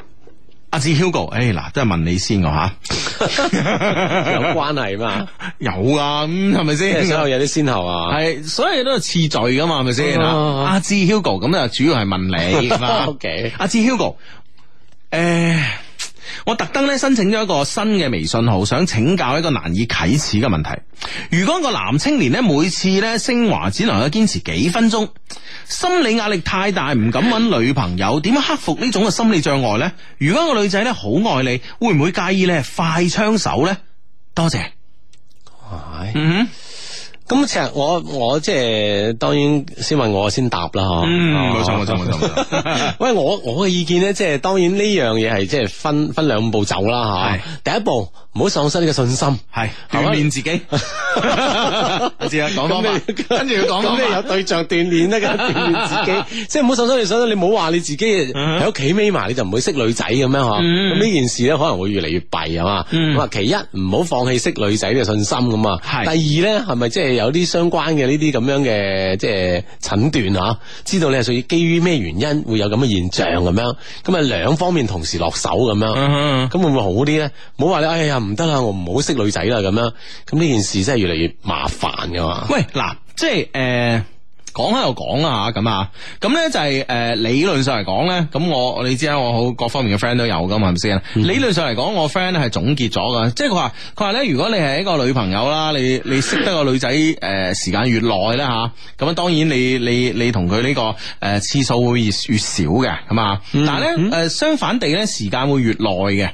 阿志 Hugo，誒，嗱、啊欸，都係問你先噶吓、啊、 <laughs> 有關係嘛？有噶、啊，咁係咪先？是是所以有啲先後啊，係，所以都係次序噶嘛，係咪先？阿志 Hugo，咁就主要係問你 <laughs> ，OK，阿志 Hugo，誒。我特登咧申請咗一個新嘅微信號，想請教一個難以啟齒嘅問題。如果個男青年咧每次咧升華只能夠堅持幾分鐘，心理壓力太大，唔敢揾女朋友，點克服呢種嘅心理障礙呢？如果個女仔咧好愛你，會唔會介意咧快槍手呢？多謝。嗯、哎。Mm hmm. 咁其實我我即係當然先問我先答啦嗬，嗯冇錯冇錯冇錯，喂錯 <laughs> 我我嘅意見咧即係當然呢樣嘢係即係分分兩步走啦吓，是第一步。唔好喪失你嘅信心，係鍛煉自己。我試下講咩，跟住要講咩有對象鍛煉咧，嘅鍛煉自己，即係唔好喪失理想。你唔好話你自己喺屋企眯埋，你就唔會識女仔咁樣嗬。咁呢件事咧可能會越嚟越弊係嘛？咁啊，其一唔好放棄識女仔嘅信心咁啊。第二咧，係咪即係有啲相關嘅呢啲咁樣嘅即係診斷啊？知道你係屬於基於咩原因會有咁嘅現象咁樣？咁啊，兩方面同時落手咁樣，咁會唔會好啲咧？唔好話你哎呀。唔得啦，我唔好識女仔啦，咁樣咁呢件事真係越嚟越麻煩噶嘛？喂，嗱，即係誒，講喺度講啦吓，咁啊，咁咧就係、是、誒、呃，理論上嚟講咧，咁我你知啦，我好各方面嘅 friend 都有噶嘛，係咪先？理論上嚟講，我 friend 咧係總結咗噶，即係佢話佢話咧，如果你係一個女朋友啦，你你識得個女仔誒、呃，時間越耐咧吓，咁啊，當然你你你同佢呢個誒、呃、次數會越越少嘅，咁啊，但係咧誒，相反地咧，時間會越耐嘅。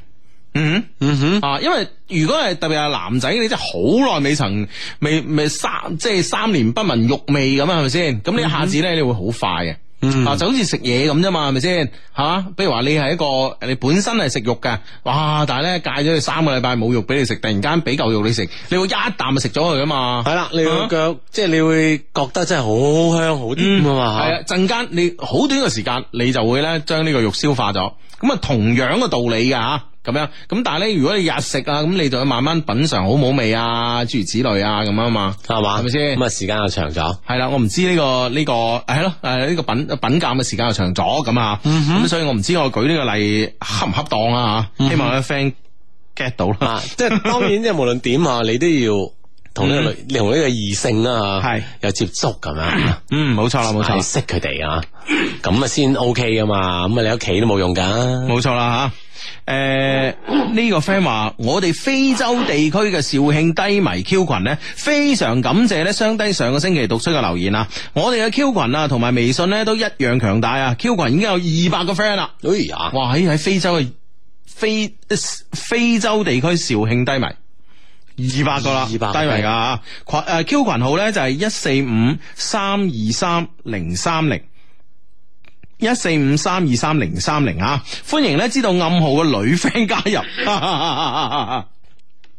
嗯嗯哼，啊，因為如果係特別係男仔，你真係好耐未曾，未未三，即係三年不聞肉味咁啊，係咪先？咁你一下子咧，你會好快嘅，嗯、哼啊，就好似食嘢咁啫嘛，係咪先？吓、啊，比如話你係一個你本身係食肉嘅，哇！但係咧戒咗你三個禮拜冇肉俾你食，突然間俾嚿肉你食，你會一啖就食咗佢噶嘛？係啦了，啊、你個腳，啊、即係你會覺得真係好香好啲咁啊嘛，係啊、嗯，陣間吧你好短嘅時間，你就會咧將呢個肉消化咗，咁啊同樣嘅道理嘅吓。啊。咁樣，咁但係咧，如果你日食啊，咁你就要慢慢品嘗好冇味啊，諸如此類啊，咁啊嘛，係嘛吧，係咪先？咁、這個這個、啊，這個、時間又長咗。係啦，我唔知呢個呢個，係咯，誒呢個品品鑑嘅時間又長咗，咁啊，咁、嗯、哼所以我唔知我舉呢個例恰唔恰當啊，嗯、哼希望我嘅 friend get 到啦、啊。即係當然，即係無論點啊， <laughs> 你都要。同呢個同呢個異性啊，係是有接觸咁樣，嗯，冇錯啦，冇錯，哎、識佢哋啊，咁啊先 OK 噶嘛，咁啊你屋企都冇用噶，冇錯啦吓。誒、啊，呢、呃這個 friend 話我哋非洲地區嘅肇慶低迷 Q 群咧，非常感謝咧，相低上個星期讀出嘅留言啊，我哋嘅 Q 群啊，同埋微信咧都一樣強大啊，Q 群已經有二百個 friend 啦。哎呀，哇，喺喺非洲嘅非、呃、非洲地區肇慶低迷。二百個啦，二百，了低嚟㗎吓群誒，Q 群號咧就係一四五三二三零三零一四五三二三零三零啊，歡迎咧知道暗號嘅女 friend 加入。哈哈哈哈哈哈。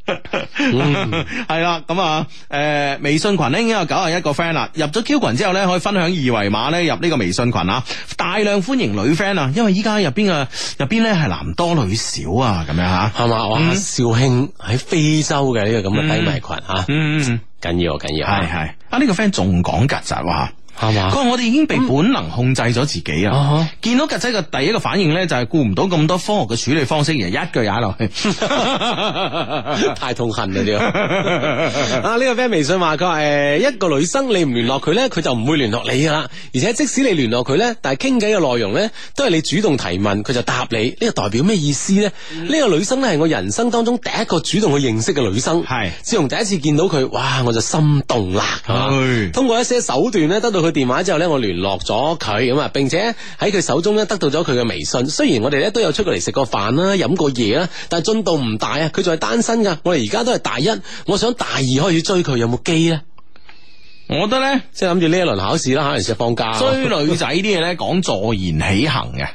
係 <laughs> 啦、嗯，咁啊， <laughs> 誒、呃，微信群咧已經有九廿一個 friend 啦。入咗 Q 群之後咧，可以分享二維碼咧入呢個微信群啊，大量歡迎女 friend 啊，因為依家入邊啊，入邊咧係男多女少啊，咁樣吓，係嘛吧？我阿肇慶喺非洲嘅呢、這個咁嘅低迷群、嗯、啊，嗯嗯，緊要緊要，係係，啊呢個 friend 仲講曱甴哇。係嘛？佢話我哋已經被本能控制咗自己啊！見、嗯、到曱甴嘅第一個反應咧，就係顧唔到咁多科學嘅處理方式，而係一句踹落去， <laughs> <laughs> 太痛恨你呢啊呢、這個 friend 微信話佢話誒，一個女生你唔聯絡佢咧，佢就唔會聯絡你噶啦。而且即使你聯絡佢咧，但係傾偈嘅內容咧，都係你主動提問，佢就答你。呢、這個代表咩意思咧？呢、嗯、個女生咧係我人生當中第一個主動去認識嘅女生。係是自從第一次見到佢，哇，我就心動啦。 <laughs> 通過一些手段咧，得到。個電話之後咧，我聯絡咗佢咁啊，並且喺佢手中咧得到咗佢嘅微信。雖然我哋咧都有出過嚟食過飯啦、飲過嘢啦，但係進度唔大啊。佢仲係單身噶，我哋而家都係大一，我想大二開始追佢，有冇機咧？我覺得咧，即係諗住呢一輪考試啦，吓，尤其是放假追女仔啲嘢咧，講坐言起行嘅，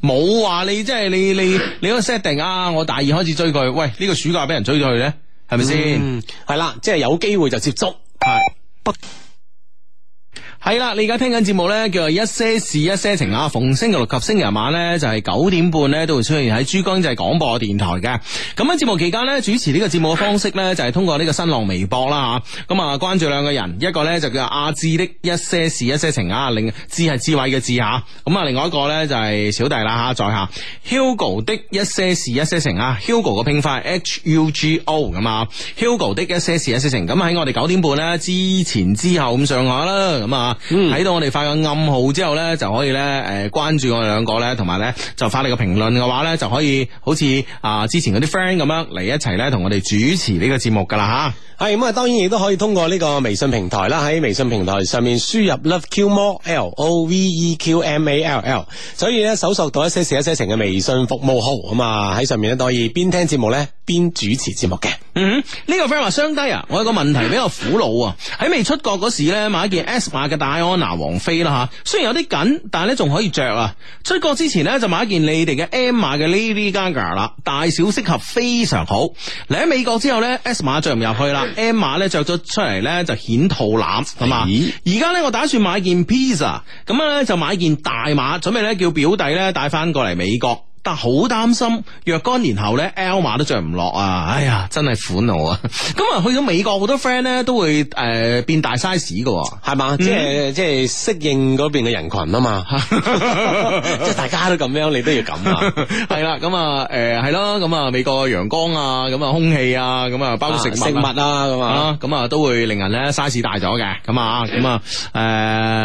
冇話 <laughs> 你即係你你你個 setting 啊！我大二開始追佢，喂，呢、這個暑假俾人追咗佢咧，係咪先？係啦、嗯，即係有機會就接觸，係不？係啦，你而家聽緊節目呢，叫做一些事一些情啊。逢星期六及星期日晚呢，就係九點半呢，都會出現喺珠江經濟廣播電台嘅。咁喺節目期間呢，主持呢個節目嘅方式呢，就係、是、通過呢個新浪微博啦吓。咁啊，關注兩個人，一個呢就叫阿志的一些事一些情啊，令志係智慧嘅志吓。咁啊，另外一個呢，就係、是、小弟啦吓、啊，在下 Hugo 的一些事一些情啊，Hugo 嘅拼法係 H U G O 噶嘛，Hugo 的一些事一些情，咁、啊、喺我哋九點半呢，之前之後咁上下啦，咁啊。啊啊嗯，睇到我哋發個暗號之後咧，就可以咧誒關注我哋兩個咧，同埋咧就發嚟個評論嘅話咧，就可以好似啊之前嗰啲 friend 咁樣嚟一齊咧，同我哋主持呢個節目噶啦吓。係咁啊，當然亦都可以通過呢個微信平台啦，喺微信平台上面輸入 LoveQMore，LoveQMALL，所以咧搜索到一些事一些情嘅微信服務號啊嘛，喺上面咧都可以邊聽節目咧邊主持節目嘅。嗯哼，呢、這個 friend 話雙低啊，我有個問題比較苦惱啊。喺未出國嗰時呢，買一件 S 碼嘅戴安娜王妃啦吓，雖然有啲緊，但係咧仲可以着啊。出國之前呢，就買一件你哋嘅 M 碼嘅 Lady Gaga 啦，大小適合非常好。嚟喺美國之後呢，S 碼着唔入去啦，M 碼呢着咗出嚟呢，就顯肚腩，係嘛？而家呢，我打算買件 pizza，咁啊咧就買件大碼，準備呢叫表弟呢帶翻過嚟美國。但好擔心，若干年後咧，L 碼都着唔落啊！哎呀，真係苦惱啊！咁啊，去咗美國好多 friend 咧，都會誒、呃、變大 size 噶、啊，係 <laughs> 嘛看說笑？即係即係適應嗰邊嘅人群啊嘛，即 <laughs> 係大家都咁樣，你都要咁啊！係 <laughs> 啦，咁、呃、啊，誒係咯，咁啊美國嘅陽光啊，咁啊空氣啊，咁啊包括食物啊，咁啊咁啊 <laughs> 都會令人咧 size 大咗嘅，咁啊咁啊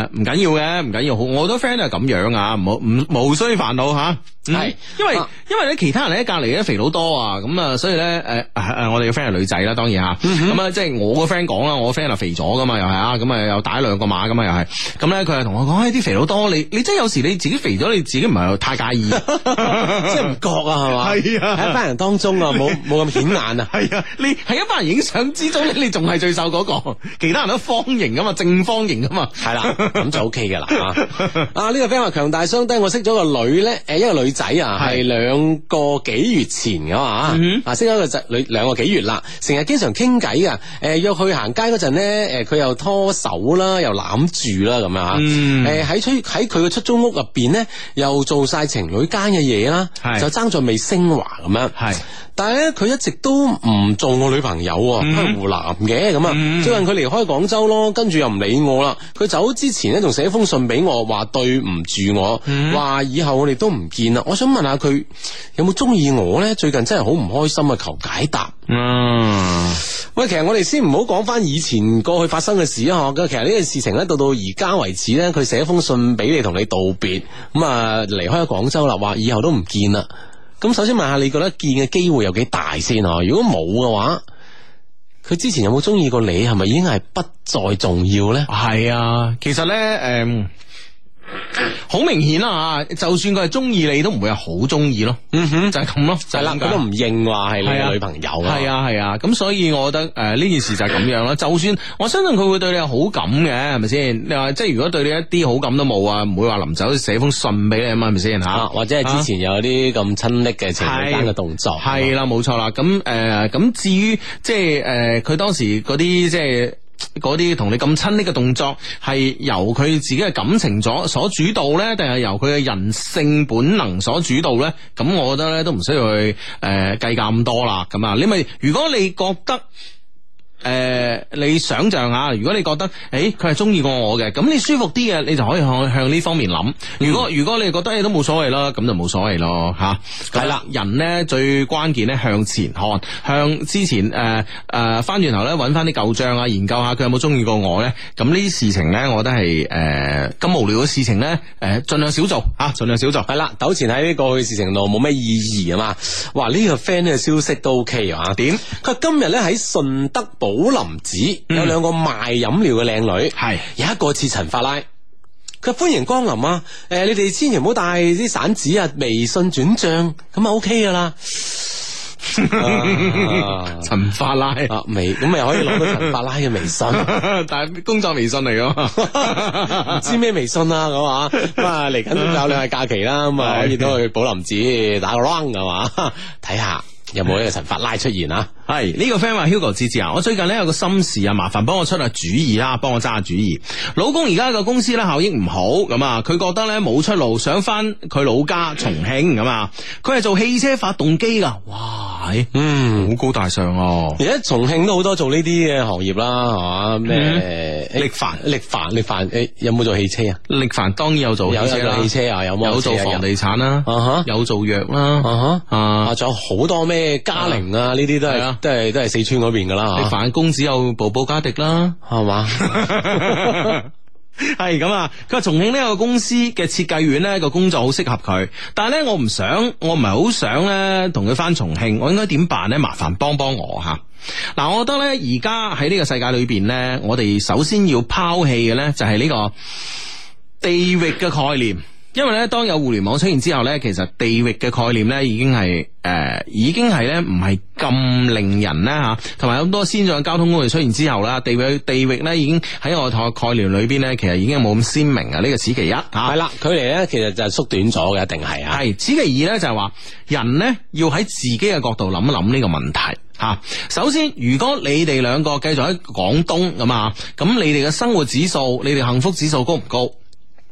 誒唔緊要嘅，唔緊要，好，好多 friend 都係咁樣啊，唔好唔無須煩惱吓，係。是 <laughs> 因為因為咧其他人喺隔籬咧肥佬多啊，咁啊，所以咧誒誒，我哋嘅 friend 係女仔啦，當然吓，咁啊，嗯、即係我個 friend 講啦，我個 friend 就肥咗噶嘛，又係啊，咁啊又打兩個碼咁啊，又係，咁咧佢係同我講，誒、哎，啲肥佬多、多，你你真係有時你自己肥咗，你自己唔係太介意， <laughs> 即係唔覺啊，係嘛 <laughs> 吧？係啊，喺班人當中啊，冇冇咁顯眼啊？係啊，你喺一班人影相之中咧，你仲係最瘦嗰、那個， <laughs> 其他人都方形噶嘛，正方形噶嘛，係啦，咁就 OK 噶啦啊！啊呢、啊啊這個 friend 話強大相低，我識咗個女咧，誒一個女仔啊。啊係兩個幾月前噶嘛，啊，識咗個仔女兩個幾月啦，成日經常傾偈噶，誒、呃，約去行街嗰陣呢，誒、呃，佢又拖手啦，又攬住啦，咁啊，誒、嗯，喺出喺佢嘅出租屋入邊呢，又做晒情侶間嘅嘢啦，嗯、就爭咗未升華咁樣，係、嗯，但係咧，佢一直都唔做我女朋友，係、嗯、湖南嘅，咁啊，最近佢離開廣州咯，跟住又唔理我啦，佢走之前呢，仲寫封信俾我，話對唔住我，話以後我哋都唔見啦，我想問，問。啊！佢有冇中意我呢？最近真係好唔開心啊！求解答。嗯，喂，其實我哋先唔好講翻以前過去發生嘅事哦。咁其實呢件事情呢，到到而家為止呢，佢寫咗封信俾你同你道別，咁啊離開咗廣州啦，話以後都唔見啦。咁首先問下你，覺得見嘅機會有幾大先啊？如果冇嘅話，佢之前有冇中意過你？係咪已經係不再重要呢？係啊，其實呢。誒、嗯。好明顯啦吓，就算佢係中意你，都唔會係好中意咯。嗯哼，就係咁咯，就係啦，咁都唔認話係你女朋友。係啊係啊，咁所以我覺得誒呢件事就係咁樣咯。就算我相信佢會對你有好感嘅，係咪先？你話即係如果對你一啲好感都冇啊，唔會話臨走寫封信俾你，啊，係咪先吓？或者係之前有啲咁親昵嘅情侶間嘅動作。係啦，冇錯啦。咁誒，咁至於即係誒，佢當時嗰啲即係。嗰啲同你咁親暱嘅動作，係由佢自己嘅感情所所主導咧，定係由佢嘅人性本能所主導咧？咁我覺得咧都唔需要去誒、呃、計較咁多啦。咁啊，你咪如果你覺得。誒、呃，你想象下，如果你覺得誒佢係中意過我嘅，咁你舒服啲嘅，你就可以向向呢方面諗。如果、嗯、如果你覺得你、欸、都冇所謂咯，咁就冇所謂咯，吓係啦。了人呢，最關鍵咧向前看，向之前誒誒翻轉頭咧搵翻啲舊賬啊，研究下佢有冇中意過我呢？咁呢啲事情呢，我覺得係誒咁無聊嘅事情呢，誒盡量少做啊，盡量少做。係、啊、啦，糾纏喺過去事情度冇咩意義啊嘛。哇，呢、這個 friend 嘅消息都 ok 啊？點樣？佢今日咧喺順德。寶林寺有兩個賣飲料嘅靚女，係、嗯、有一個似陳法拉，佢歡迎光臨啊！誒、呃，你哋千祈唔好帶啲散紙啊，微信轉賬咁啊 OK 噶啦。陳 <laughs> 法拉啊，微咁咪可以攞到陳法拉嘅微信， <laughs> 但係工作微信嚟噶嘛，唔 <laughs> 知咩微信啊。咁啊！嚟緊有兩日假期啦，咁啊 <laughs> 可以都去寶林寺打個 round 噶嘛，睇下有冇呢個陳法拉出現啊！ <laughs> 係呢、這個 friend 話 Hugo 志志啊，我最近咧有個心事啊，麻煩幫我出下主意啦，幫我揸下主意。老公而家個公司咧效益唔好，咁啊，佢覺得咧冇出路，想翻佢老家重慶咁啊。佢係做汽車發動機噶，哇，欸、嗯，好、嗯、高大上哦、啊。而家重慶都好多做呢啲嘅行業啦，係嘛咩力帆、力帆、力帆誒，有冇做汽車啊？力帆當然有做車，有，有做汽車啊，有冇有，有做房地產啦、啊哈啊？啊有做藥啦？啊仲有好多咩嘉陵啊，呢啲都係啊。都係都係四川嗰邊噶啦，你返工只有步步加敵啦，係嘛 <laughs> <laughs> ？係咁啊！佢話重慶呢個公司嘅設計院呢個工作好適合佢，但係呢，我唔想，我唔係好想呢，同佢翻重慶，我應該點辦呢？麻煩幫幫，幫我吓。嗱、啊，我覺得呢，而家喺呢個世界裏邊呢，我哋首先要拋棄嘅呢，就係呢個地域嘅概念。因為咧，當有互聯網出現之後咧，其實地域嘅概念咧、呃，已經係誒，已經係咧，唔係咁令人咧吓，同埋咁多先進嘅交通工具出現之後啦，地域地域咧，已經喺我個概念裏邊咧，其實已經冇咁鮮明啊。呢、這個此其一吓，係、啊、啦，距離咧其實就係縮短咗嘅，一定係係。此其二咧就係話，人咧要喺自己嘅角度諗一諗呢個問題吓、啊。首先，如果你哋兩個繼續喺廣東咁啊，咁你哋嘅生活指數、你哋幸福指數高唔高？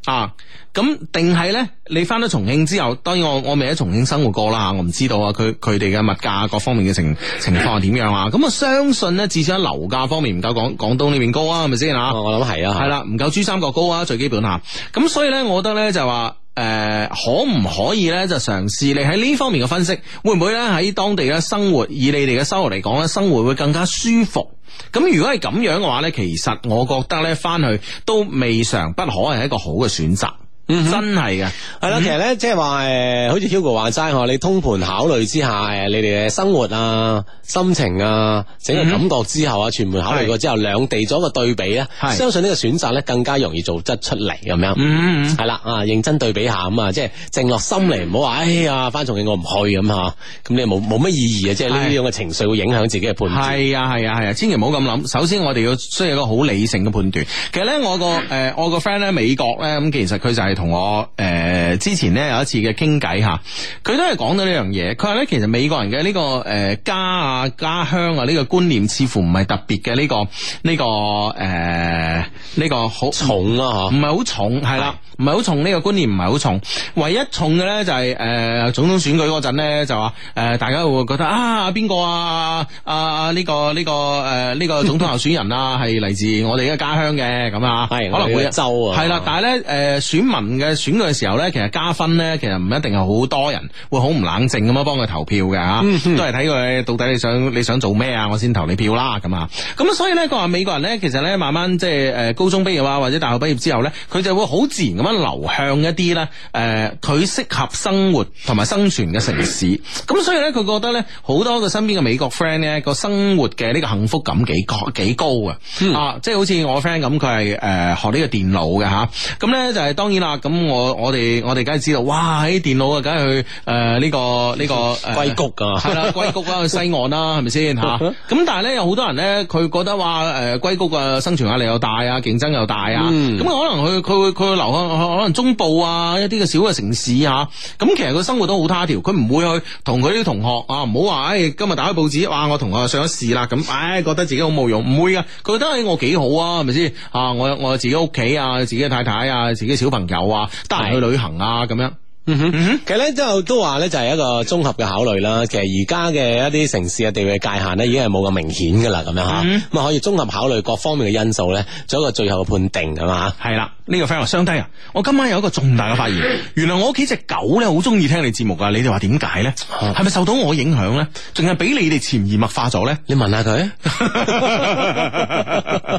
啊，咁定係呢？你翻到重慶之後，當然我我未喺重慶生活過啦，我唔知道啊。佢佢哋嘅物價各方面嘅情情況係點樣啊？咁啊，相信呢，至少喺樓價方面唔夠廣廣東呢邊高啊，係咪先啊？我諗係啊，係啦，唔夠珠三角高啊，最基本吓。咁所以呢，我覺得呢就話誒、呃，可唔可以呢？就嘗試你喺呢方面嘅分析，會唔會呢？喺當地嘅生活，以你哋嘅收入嚟講呢，生活會更加舒服？咁如果係咁樣嘅話咧，其實我覺得咧翻去都未嘗不可，係一個好嘅選擇。Mm hmm. 真係㗎，係啦， <music> 嗯、其實咧即係話誒，好似 Hugo 話齋你通盤考慮之下，誒，你哋嘅生活啊、心情啊、嗯嗯整個感覺之後啊，全部考慮過之後，兩地做一個對比咧，是相信呢個選擇咧更加容易做得出嚟咁、嗯嗯、樣。係啦，啊，認真對比下吖嘛，即係靜落心嚟，唔好話哎呀，翻重慶我唔去咁吓，咁你冇冇乜意義啊？即係呢啲咁嘅情緒會影響自己嘅判斷。係啊的，係啊，係啊，千祈唔好咁諗。首先，首先，首先，首先我哋要需要一個好理性嘅判斷。其實咧，我個誒，我個 friend 咧，美國咧，咁其實佢就係。同我誒之前咧有一次嘅傾偈嚇，佢都係講到呢樣嘢。佢話咧其實美國人嘅呢個誒家啊家鄉啊呢個觀念，似乎唔係特別嘅呢、呢個呢、呢個誒呢、呃呢個好重啊了，嚇， <laughs> 唔係好重係啦，唔係好重呢個觀念唔係好重。唯一重嘅咧就係、是、誒、呃、總統選舉嗰陣咧就話誒、呃、大家會覺得啊邊個、啊啊啊啊啊呢個啊、呢個、啊呢、呢個呢個誒呢個總統候選人啊，係嚟 <laughs> 自我哋嘅家鄉嘅咁啊，係可能會一州啊係啦，但係咧誒選民，嘅選舉嘅時候咧，其實加分咧，其實唔一定係好多人會好唔冷靜咁樣幫佢投票嘅嚇，嗯、哼都係睇佢到底你想你想做咩啊，我先投你票啦咁啊。咁所以咧，佢話美國人咧，其實咧，慢慢即係誒高中畢業啊，或者大學畢業之後咧，佢就會好自然咁樣流向一啲咧誒，佢、呃、適合生活同埋生存嘅城市。咁、嗯、所以咧，佢覺得咧，好多嘅身邊嘅美國 friend 咧，個生活嘅呢個幸福感幾高幾高嘅啊，即係好似我 friend 咁，佢係誒學呢個電腦嘅吓。咁、啊、咧就係、是、當然啦。咁、嗯、我我哋我哋梗係知道，哇！喺電腦啊，梗係去誒呢個呢個硅谷啊，係啦硅谷啊，去西岸啦，係咪先吓？咁但係咧，有好多人咧，佢覺得話誒硅谷嘅生存壓力又大啊，競爭又大、嗯、啊，咁可能佢佢會佢會留喺可能中部啊，一啲嘅小嘅城市吓、啊。咁、嗯、其實佢生活都好他條，佢唔會去同佢啲同學啊，唔好話誒今日打開報紙，話我同學上咗市啦，咁、啊、誒、哎、覺得自己好冇用，唔會啊，佢覺得誒、哎、我幾好啊，係咪先啊？我我，我，我自己屋企啊，自己太太啊，自己小朋友。啊話帶人去旅行啊，咁、嗯、樣，嗯、哼其實咧就都話咧就係一個綜合嘅考慮啦。其實而家嘅一啲城市嘅地域界限咧已經係冇咁明顯噶啦，咁、嗯、樣吓，咁啊可以綜合考慮各方面嘅因素咧，做一個最後嘅判定，係嘛？係啦，呢、這個 friend 話傷低啊！我今晚有一個重大嘅發現，原來我屋企隻狗咧好中意聽你節目噶，你哋話點解咧？係咪受到我影響咧？仲係俾你哋潛移默化咗咧？你問下佢。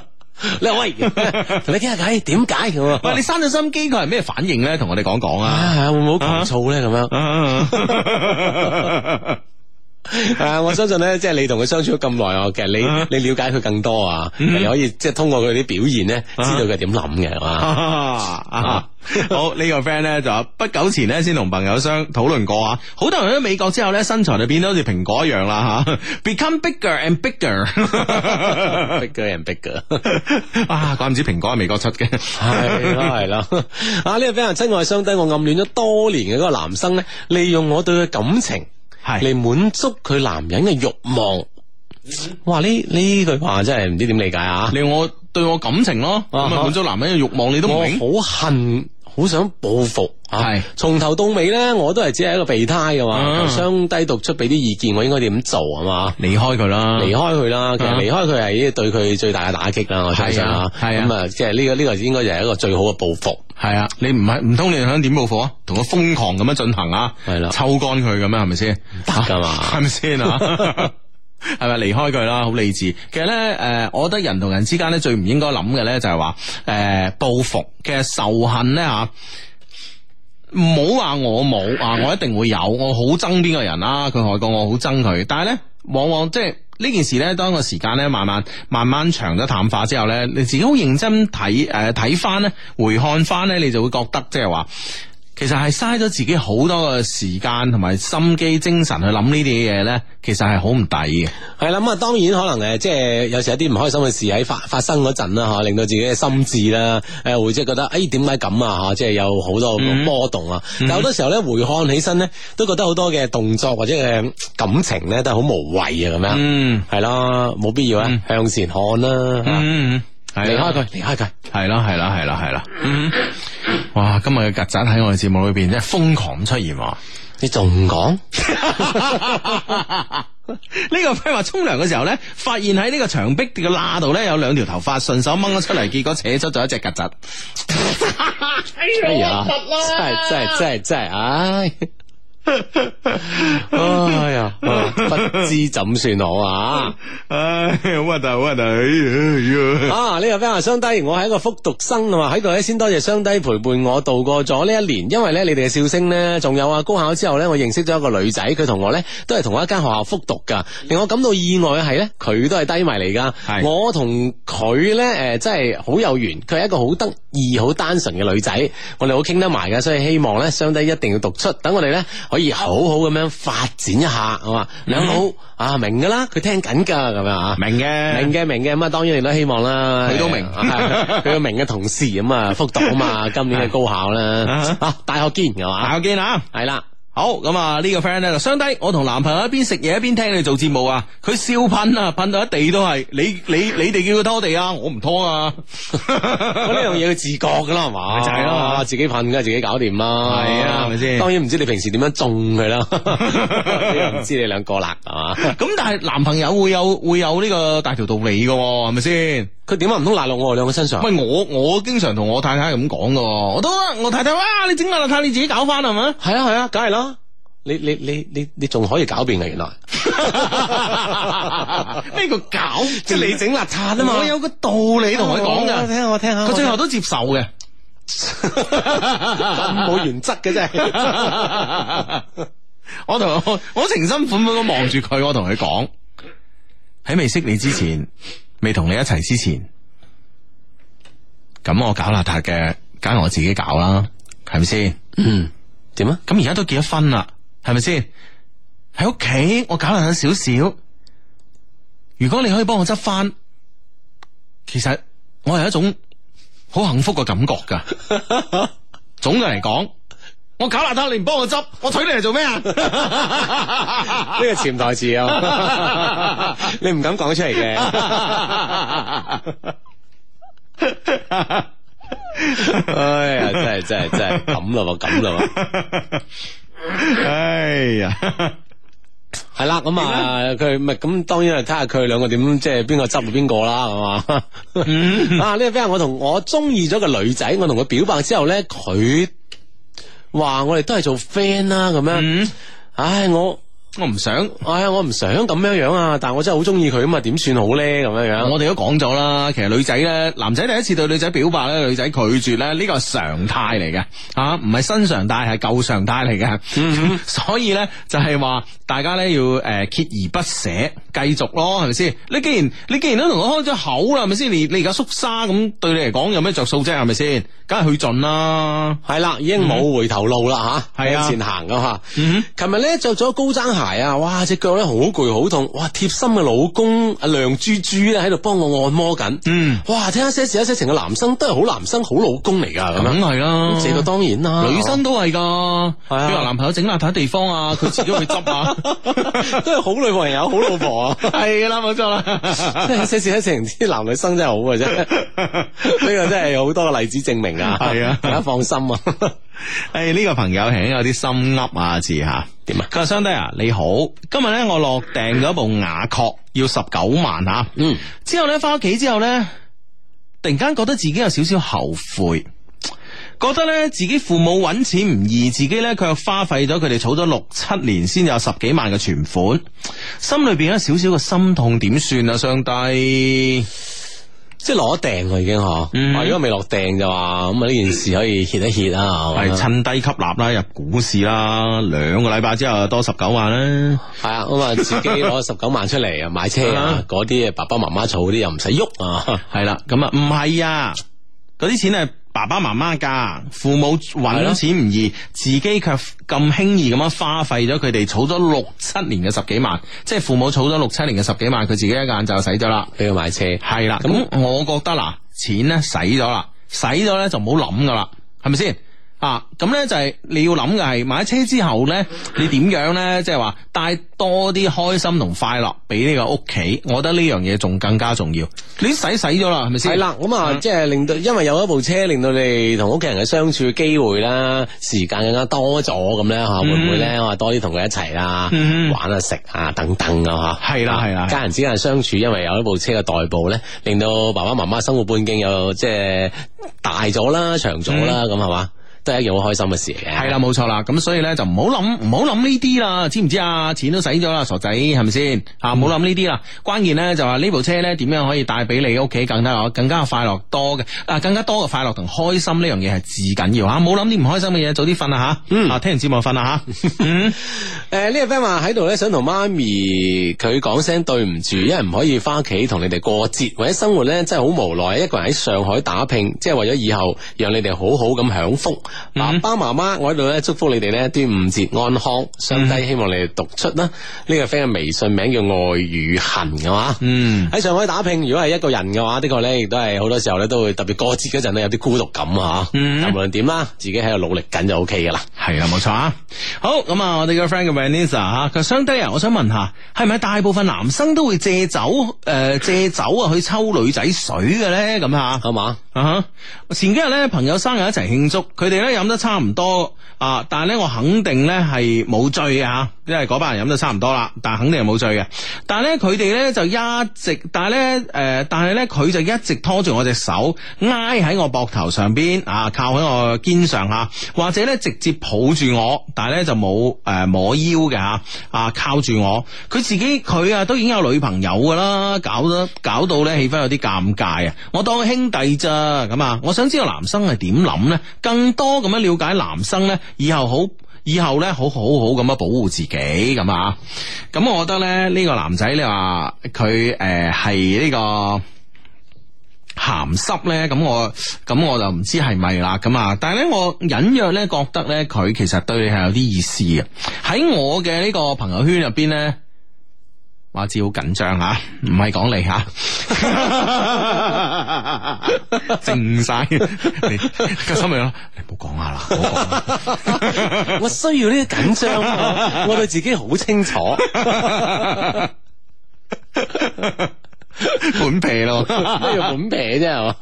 <laughs> 你話喂，同你傾下偈，點解嘅？喂，喂喂喂你閂咗心機，佢係咩反應咧？同我哋講講啊，會唔會好狂躁咧？咁樣、uh。Huh. <laughs> 誒，我相信咧，即係你同佢相處咗咁耐啊，其實你你了解佢更多啊，嗯、哼你可以即係通過佢啲表現咧，知道佢點諗嘅係嘛？啊啊啊、好呢 <laughs> 個 friend 咧，就不久前咧先同朋友商討論過啊，好多人喺美國之後咧，身材就變到好似蘋果一樣啦吓、啊、，become bigger and bigger，bigger <laughs> <laughs> Big ger and bigger， <laughs> 啊，怪唔知蘋果喺美國出嘅，係咯係咯。啊，呢、啊啊 <laughs> 啊這個非常親愛相低我暗戀咗多年嘅嗰個男生咧，利用我對佢感情。係，嚟是滿足佢男人嘅欲望。哇！呢呢句話真係唔知點理解啊！你我對我感情咯，咁咪 <laughs> 滿足男人嘅欲望，你都唔明，我好恨。好想報復，係、啊、是從頭到尾咧，我都係只係一個備胎嘅嘛。相、啊、低讀出俾啲意見，我應該點做係嘛？離開佢啦，離開佢啦，啊、其實離開佢係對佢最大嘅打擊啦，我睇下，嚇。咁啊，即係呢個呢、呢個應該就係一個最好嘅報復。係啊，你唔係唔通你想點報復啊？同佢瘋狂咁樣進行啊，係啦、啊，抽乾佢咁樣係咪先？得㗎嘛，係咪先啊？係咪離開佢啦？好理智。其實咧，誒、呃，我覺得人同人之間咧，最唔應該諗嘅咧，就係話，誒，報復嘅仇恨咧，吓、啊，唔好話我冇啊，我一定會有。我好憎邊個人啦、啊，佢害過我，好憎佢。但係咧，往往即係呢件事咧，當個時間咧，慢慢慢慢長咗淡化之後咧，你自己好認真睇，誒、呃，睇翻咧，回看翻咧，你就會覺得即係話。其實係嘥咗自己好多嘅時間同埋心機、精神去諗呢啲嘢咧，其實係好唔抵嘅。係啦，咁啊，當然可能誒，即係有時一啲唔開心嘅事喺發發生嗰陣啦，吓令到自己嘅心智啦，誒，會即係覺得，誒、哎，點解咁啊？吓，即係有好多波動啊！嗯、但好多時候咧，回看起身咧，都覺得好多嘅動作或者嘅感情咧，都係好無謂啊！咁樣，嗯，係啦，冇必要啊，嗯、向前看啦。嗯嗯係離開佢，離開佢，係啦，係啦，係啦，係啦，嗯。哇！今日嘅曱甴喺我哋節目裏邊真係瘋狂出現啊！你仲唔講呢個譬如話？沖涼嘅時候咧，發現喺呢個牆壁嘅罅度咧有兩條頭髮，順手掹咗出嚟，結果扯出咗一隻曱甴。哎呀！真係真係真係真係唉。哎 <laughs> 哎呀，不知怎算好啊！哎呀，好核突，好核突！啊，呢個咩啊？雙、啊 <laughs> 啊、低，我係一個復讀生啊嘛，喺度咧，先多謝雙低陪伴我度過咗呢一年。因為咧，你哋嘅笑聲咧，仲有啊，高考之後咧，我認識咗一個女仔，佢同我咧都係同一間學校復讀噶。令我感到意外嘅係咧，佢都係低埋嚟噶。的我同佢咧，誒、呃，真係好有緣。佢係一個好得。二好單純嘅女仔，我哋好傾得埋㗎，所以希望咧相低一定要讀出，等我哋咧可以好好咁樣發展一下，係嘛？兩好、嗯、啊，明噶啦，佢聽緊噶咁樣啊，明嘅，明嘅，明嘅，咁啊，當然你都希望啦，佢都明，佢都明嘅同事咁啊，復讀啊嘛，今年嘅高考啦，啊，啊，啊，大學見係嘛，大學見啊，係啦。好咁啊！呢個 friend 咧，相低我同男朋友一邊食嘢一邊聽你做節目啊！佢笑噴啊，噴到一地都係，你你你哋叫佢拖地啊，我唔拖啊！咁呢樣嘢佢自覺噶啦，係嘛？ <laughs> 咪就係咯，自己噴嘅自己搞掂啦。係啊，係咪先？當然唔知你平時點樣種佢啦。又 <laughs> 唔知你兩個啦，係嘛？咁但係男朋友會有會有呢個大條道理噶，係咪先？佢點解唔通賴落我哋兩個身上？喂，我，我經常同我太太咁講噶，我都我太太啊，你整邋遢你自己搞翻係咪啊？係啊，係啊，梗係啦。你你你你你仲可以狡辯嘅原來？呢 <laughs> 叫 <laughs> 搞！即係你整邋遢啊嘛？ <laughs> 我有個道理同佢講嘅，聽、啊、我聽下。佢最後都接受嘅，咁 <laughs> 冇 <laughs> 原則嘅啫！我同我我情深款款咁望住佢，我同佢講喺未識你之前。 <laughs> 未同你一齊之前，咁我搞邋遢嘅梗係我自己搞啦，係咪先？嗯，點啊？咁而家都結咗婚啦，係咪先？喺屋企我搞邋遢少少，如果你可以幫我執翻，其實我係一種好幸福嘅感覺噶。總嘅嚟講。我搞邋遢，你唔幫我執，我娶你嚟做咩啊？呢個潛台詞啊，你唔敢講出嚟嘅。哎呀，真係真係真係咁咯，咁咯。 <laughs> <laughs> 哎呀，係 <laughs> <laughs> <laughs> <laughs> 啦，咁啊，佢唔係咁，當然係睇下佢兩個點，即係邊個執邊個啦，係嘛？ <laughs> <laughs> 啊，呢個即係我同我中意咗個女仔，我同佢表白之後咧，佢。話我哋都係做 friend 啦，啊，咁樣，嗯，唉，我我唔想，唉，我唔想咁樣樣啊！但係我真係好中意佢啊嘛，點算好呢？咁樣樣，嗯，我哋都講咗啦，其實女仔呢，男仔第一次對女仔表白呢，女仔拒絕呢，呢個係常態嚟嘅。吓，唔係新常態，係舊常態嚟嘅，嗯嗯，所以呢，就係、是、話大家呢要誒鍥、呃、而不捨。繼續咯，係咪先？你既然你既然都同我開咗口啦，係咪先？你你而家縮沙咁，對你嚟講有咩着數啫？係咪先？梗係去盡啦。係啦，已經冇回頭路啦吓，向、嗯啊啊、前行噶吓。琴日咧着咗高踭鞋啊，哇！隻腳咧好攰好痛，哇！貼心嘅老公阿亮豬豬咧喺度幫我按摩緊。嗯，哇！聽下一些事一些情嘅男生都係好男生，好老公嚟噶。梗係啦，這個當然啦、啊，然好女生都係噶。你話、啊、男朋友整邋遢地方啊，佢自己去執啊， <laughs> <laughs> 都係好女朋友，好老婆、啊。係啦，冇錯啦，即係涉事一成啲男女生真係好嘅啫，呢 <laughs> <laughs> 個真係有好多嘅例子證明是啊，係啊，大家放心啊。誒、 <laughs> 哎，呢、這個朋友係有啲心噏啊字吓，點啊？佢話：上帝樣啊，你好，今日咧我落訂咗部雅閣，要十九萬吓，啊、嗯，之後咧翻屋企之後咧，突然間覺得自己有少少後悔。覺得咧自己父母揾錢唔易，自己咧又花費咗佢哋儲咗六七年先有十幾萬嘅存款，心裏邊有少少嘅心痛，點算啊？上帝，即係攞訂佢已經嗬。啊嗯，如果未落訂就話，咁啊呢件事可以歇一歇啦，係、嗯啊，趁低吸納啦，入股市啦，兩個禮拜之後多十九萬啦，係啊，咁、嗯、啊自己攞十九萬出嚟啊買車啊，嗰啲嘢爸爸媽媽儲啲又唔使喐啊。係啦，咁啊唔係啊，嗰啲錢係。爸爸媽媽噶父母揾錢唔易，了自己卻咁輕易咁樣花費咗佢哋儲咗六七年嘅十幾萬，即係父母儲咗六七年嘅十幾萬，佢自己一眼就使咗啦，俾佢買車。係啦的，咁麼我覺得嗱，錢呢使咗啦，使咗呢就唔好諗噶啦，係咪先？啊，咁咧就係你要諗嘅係買車之後咧，你點樣咧，即係話帶多啲開心同快樂俾呢個屋企，我覺得呢樣嘢仲更加重要。你使使咗啦，係咪先？係啦，咁啊，即係令到，因為有一部車，令到你同屋企人嘅相處機會啦，時間更加多咗咁咧，吓會唔會咧，嗯、我話多啲同佢一齊啦，玩啊食啊等等啊，吓係啦係啦，家人之間相處，因為有一部車嘅代步咧，令到爸爸媽媽生活半徑又即係大咗啦，長咗啦，咁係嘛？即係一樣好開心嘅事嚟嘅。係啦，冇錯啦。咁所以咧，就唔好諗，唔好諗呢啲啦。知唔知啊？錢都使咗啦，傻仔係咪先？吓，唔好諗呢啲啦。關鍵咧就話呢部車咧，點樣可以帶俾你屋企更加更加快樂多嘅啊，更加多嘅快樂同開心呢樣嘢係至緊要啊！冇諗啲唔開心嘅嘢，早啲瞓啦吓。啊、嗯，啊，聽完節目瞓啦吓。誒、啊，呢個 friend 話喺度咧，想同媽咪佢講聲對唔住，因為唔可以翻屋企同你哋過節，或者生活咧真係好無奈，一個人喺上海打拼，即係為咗以後，讓你哋好好咁享福。爸爸媽媽，我喺度咧祝福你哋咧端午節安康。上帝希望你哋讀出啦。呢、嗯、個 friend 嘅微信名叫愛與恨嘅嘛。嗯，喺上海打拼，如果係一個人嘅話，的確咧亦都係好多時候咧都會特別過節嗰陣咧有啲孤獨感啊。嗯，無論點啦，自己喺度努力緊就 O K 噶啦。係啦、啊，冇錯啊。好，咁啊，我哋嘅 friend 嘅 Vanessa 吓，佢上帝啊，我想問下，係咪大部分男生都會借酒誒、呃、借酒啊去抽女仔水嘅咧？咁啊吓，好嘛？啊哈！Uh huh. 前幾日咧，朋友生日一齊慶祝，佢哋咧飲得差唔多。啊！但係咧，我肯定咧係冇醉啊。因為嗰班人飲得差唔多啦。但係肯定係冇醉嘅。但係咧，佢哋咧就一直，但係咧，誒、呃，但係咧，佢就一直拖住我隻手，挨喺我膊頭上邊啊，靠喺我肩上吓，或者咧直接抱住我，但係咧就冇誒、呃、摸腰嘅吓，啊，靠住我。佢自己佢啊都已經有女朋友噶啦，搞得搞到咧氣氛有啲尷尬啊！我當兄弟咋咁啊？我想知道男生係點諗咧，更多咁樣了解男生咧。以後好，以後咧好好好咁樣保護自己咁啊！咁我覺得咧呢個男仔你話佢誒係呢個鹹濕咧，咁我咁我就唔知係咪啦咁啊！但係咧我隱約咧覺得咧佢其實對你係有啲意思嘅，喺我嘅呢個朋友圈入邊咧。我知好緊張吓，唔係講你吓，靜、啊、晒，加心咪啦，你唔好講下啦，我， <laughs> 我需要呢啲緊張，我對自己好清楚。啊 <laughs> <laughs> <laughs> 本皮屁咯了笑，咩叫本皮啫係嘛？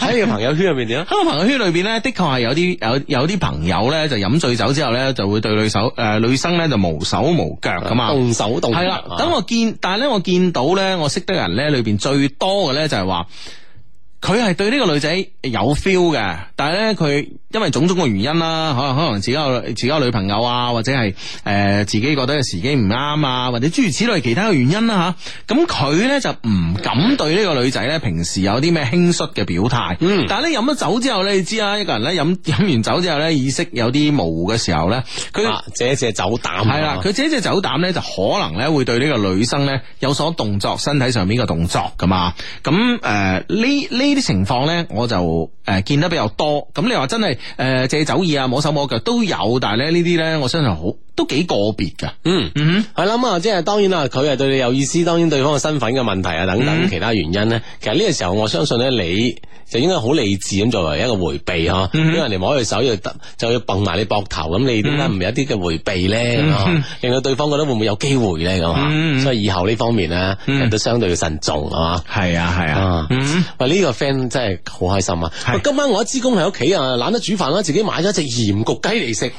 喺你個朋友圈入邊點，喺我朋友圈裏邊咧的確係有啲有有啲朋友咧就飲醉酒之後咧就會對女手誒、呃、女生咧就無手無腳咁嘛，動手動腳係啦。等了、啊、我見，但係咧我見到咧我識得人咧裏邊最多嘅咧就係話。佢係對呢個女仔有 feel 嘅，但係咧佢因為種種嘅原因啦，可能可能自己有自己有女朋友啊，或者係誒、呃、自己覺得嘅時機唔啱啊，或者諸如此類其他嘅原因啦吓，咁佢咧就唔敢對呢個女仔咧平時有啲咩輕率嘅表態。嗯，但係咧飲咗酒之後咧，你知啦、啊，一個人咧飲飲完酒之後咧意識有啲模糊嘅時候咧，佢借借酒膽係啦，佢借借酒膽咧就可能咧會對呢個女生咧有所動作，身體上面嘅動作噶嘛。咁誒呢呢。呃呢啲情況咧，我就誒、呃、見得比較多。咁、嗯、你話真係誒、呃、借酒意啊，摸手摸腳都有。但係咧呢啲咧，我相信好。都幾個別噶，嗯，係啦，咁啊，即係當然啦，佢係對你有意思，當然對方嘅身份嘅問題啊，等等其他原因咧。其實呢個時候，我相信咧，你就應該好理智咁作為一個回避嗬，因為人哋摸佢手要，就要蹦埋你膊頭，咁你點解唔係一啲嘅回避咧？令到對方覺得會唔會有機會咧？咁所以以後呢方面咧，人都相對要慎重啊。係啊，係啊，喂，呢個 friend 真係好開心啊！今晚我一支公喺屋企啊，懶得煮飯啦，自己買咗一隻鹽焗雞嚟食，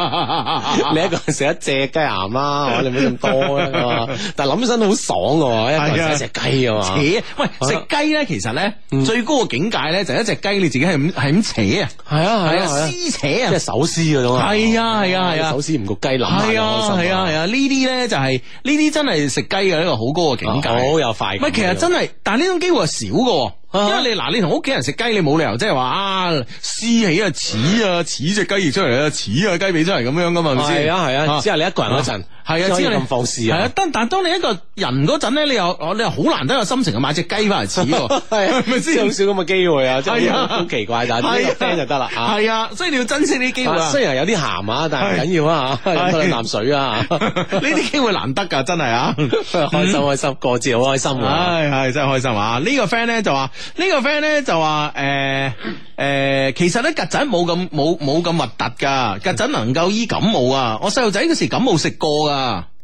好鹹。你一個人食一隻雞啊媽，我你唔好咁多啊嘛。 <laughs> 但係諗起身都好爽嘅喎， <laughs> 一個人一,一隻雞啊嘛。扯，喂，食雞咧，其實咧 <noise> 最高嘅境界咧就係一隻雞你自己係咁係咁扯啊。係啊係啊，撕 <noise> 扯啊，即係手撕嗰種啊。係啊係啊係啊，手撕唔焗雞淋。係啊係啊係啊，呢啲咧就係呢啲真係食雞嘅一、這個好高嘅境界。好有快感。喂，其實真係，但係呢種機會係少嘅。因為你嗱，你同屋企人食雞，你冇理由即係話啊撕起啊，似啊似隻雞翼出嚟啊，似啊雞髀出嚟咁樣噶嘛，係咪先？係啊係啊，只係你一個人陣、啊。係啊，知你咁放肆啊。係啊，但但係當你一個人嗰陣咧，你又你又好難得有心情買隻雞翻嚟煮喎，係咪先有少咁嘅機會啊？真係好奇怪，但係呢個 friend 就得啦。係啊，所以你要珍惜呢啲機會啊。雖然有啲鹹啊，但係唔緊要啊，飲啖水啊。呢啲機會難得噶，真係啊，開心開心，過節好開心喎。係係真係開心啊！呢個 friend 咧就話，呢個 friend 咧就話，誒誒，其實咧曱甴冇咁冇冇咁核突㗎，曱甴能夠醫感冒啊！我細路仔嗰時感冒食過㗎。哇 <laughs>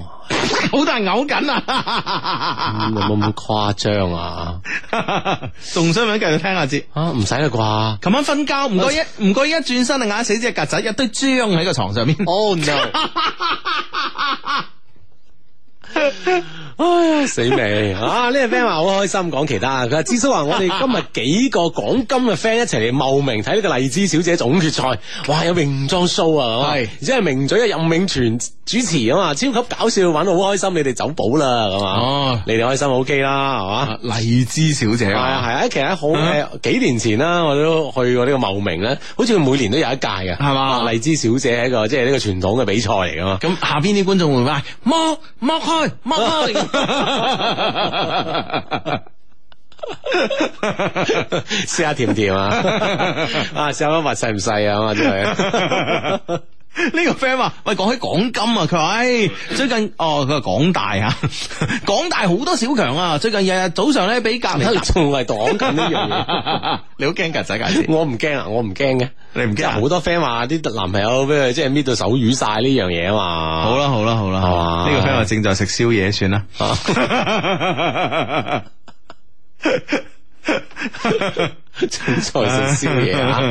啊，好多人嘔緊啊！有冇咁誇張啊？仲想唔想繼續聽下？節唔使啦啩？琴晚瞓覺唔覺一唔覺一轉身就咬死隻曱甴，一堆漿喺個床上面。 <laughs> o、oh, no！ <laughs> 唉、 <laughs> 哎，死未啊！呢個 friend 話好開心，講 <laughs> 其他，佢阿志叔話我哋今日幾個廣金嘅 friend 一齊嚟茂名睇呢個荔枝小姐總決賽，哇有泳裝 show 啊，係而且係名嘴阿任永全主持啊嘛，超級搞笑，玩得好開心，你哋走寶啦。咁啊，你哋開心好基、OK、啦係嘛？荔枝小姐，係啊係啊，其實好誒，幾年前啦、啊、我都去過呢個茂名咧，好似每年都有一屆嘅係嘛，吧荔枝小姐係一個，即係呢個傳統嘅比賽嚟噶嘛，咁下邊啲觀眾會唔會喂，摸，試下甜唔甜啊？ <laughs> 試試小小啊，試下抹細唔細啊？嘛，真係。呢個 friend 話喂，講起港金啊，佢話、欸、最近哦，佢話港大啊，港大好 <laughs> 多小強啊，最近日日早上咧，俾隔籬仲係擋緊呢樣嘢， <laughs> 你好驚格仔格仔？格仔我唔驚啊，我唔驚嘅，你唔驚？好多 friend 話啲男朋友俾佢即係搣到手淤晒呢樣嘢啊嘛，好啦好啦好啦，呢、啊、個 friend 正在食宵夜算啦。 <laughs> <laughs> 正 <laughs> 在食宵夜 <laughs> 啊！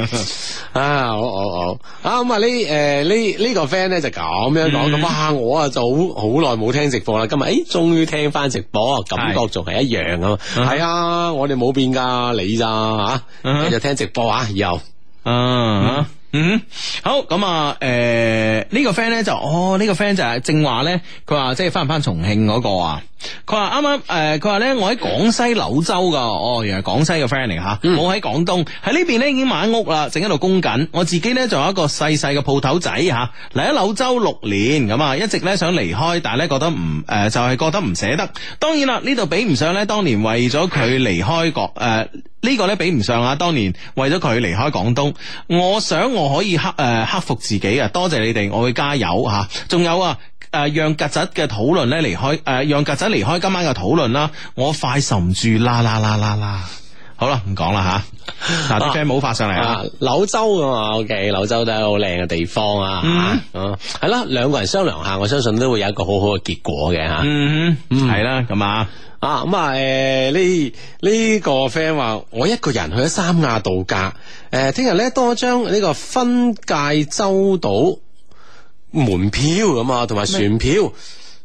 啊，好好好啊！咁、呃、啊，呢，誒，呢呢個 friend 咧就咁樣講，咁啊、嗯，我啊就好好耐冇聽直播啦，今日誒終於聽翻直播，感覺仲係一樣是啊！係啊，我哋冇變噶，你咋吓？又、啊啊、聽直播啊？以後、嗯、啊？嗯，好咁啊，誒，呢、呃這個 friend 咧就，哦，呢、這個 friend 就係正話咧，佢話即係翻唔翻重慶嗰個啊？佢話啱啱誒，佢話咧我喺廣西柳州噶，哦，原來廣西嘅 friend 嚟吓，冇喺廣東喺呢邊咧已經買了屋啦，正喺度供緊，我自己咧仲有一個細細嘅鋪頭仔吓，嚟喺柳州六年咁啊，一直咧想離開，但係咧覺得唔誒、呃、就係、是、覺得唔捨得，當然啦，呢度比唔上咧當年為咗佢離開國誒。呃呢個咧比唔上啊！當年為咗佢離開廣東，我想我可以克誒克服自己啊！多謝你哋，我會加油吓。仲有啊，誒、啊、讓曱甴嘅討論咧離開，誒、啊、讓曱甴離開今晚嘅討論啦，我快受唔住啦啦啦啦啦！好啦，唔講啦吓。嗱，啲 friend 冇發上嚟啊！柳州嘅嘛，OK，柳州都係好靚嘅地方啊。嗯，係啦、啊，兩個人商量下，我相信都會有一個好好嘅結果嘅吓。嗯哼，係啦、嗯，咁啊。嗯啊咁啊！誒，呢呢個 friend 話我一個人去咗三亞度假。誒，聽日咧多張呢個分界洲島門票咁啊，同埋船票。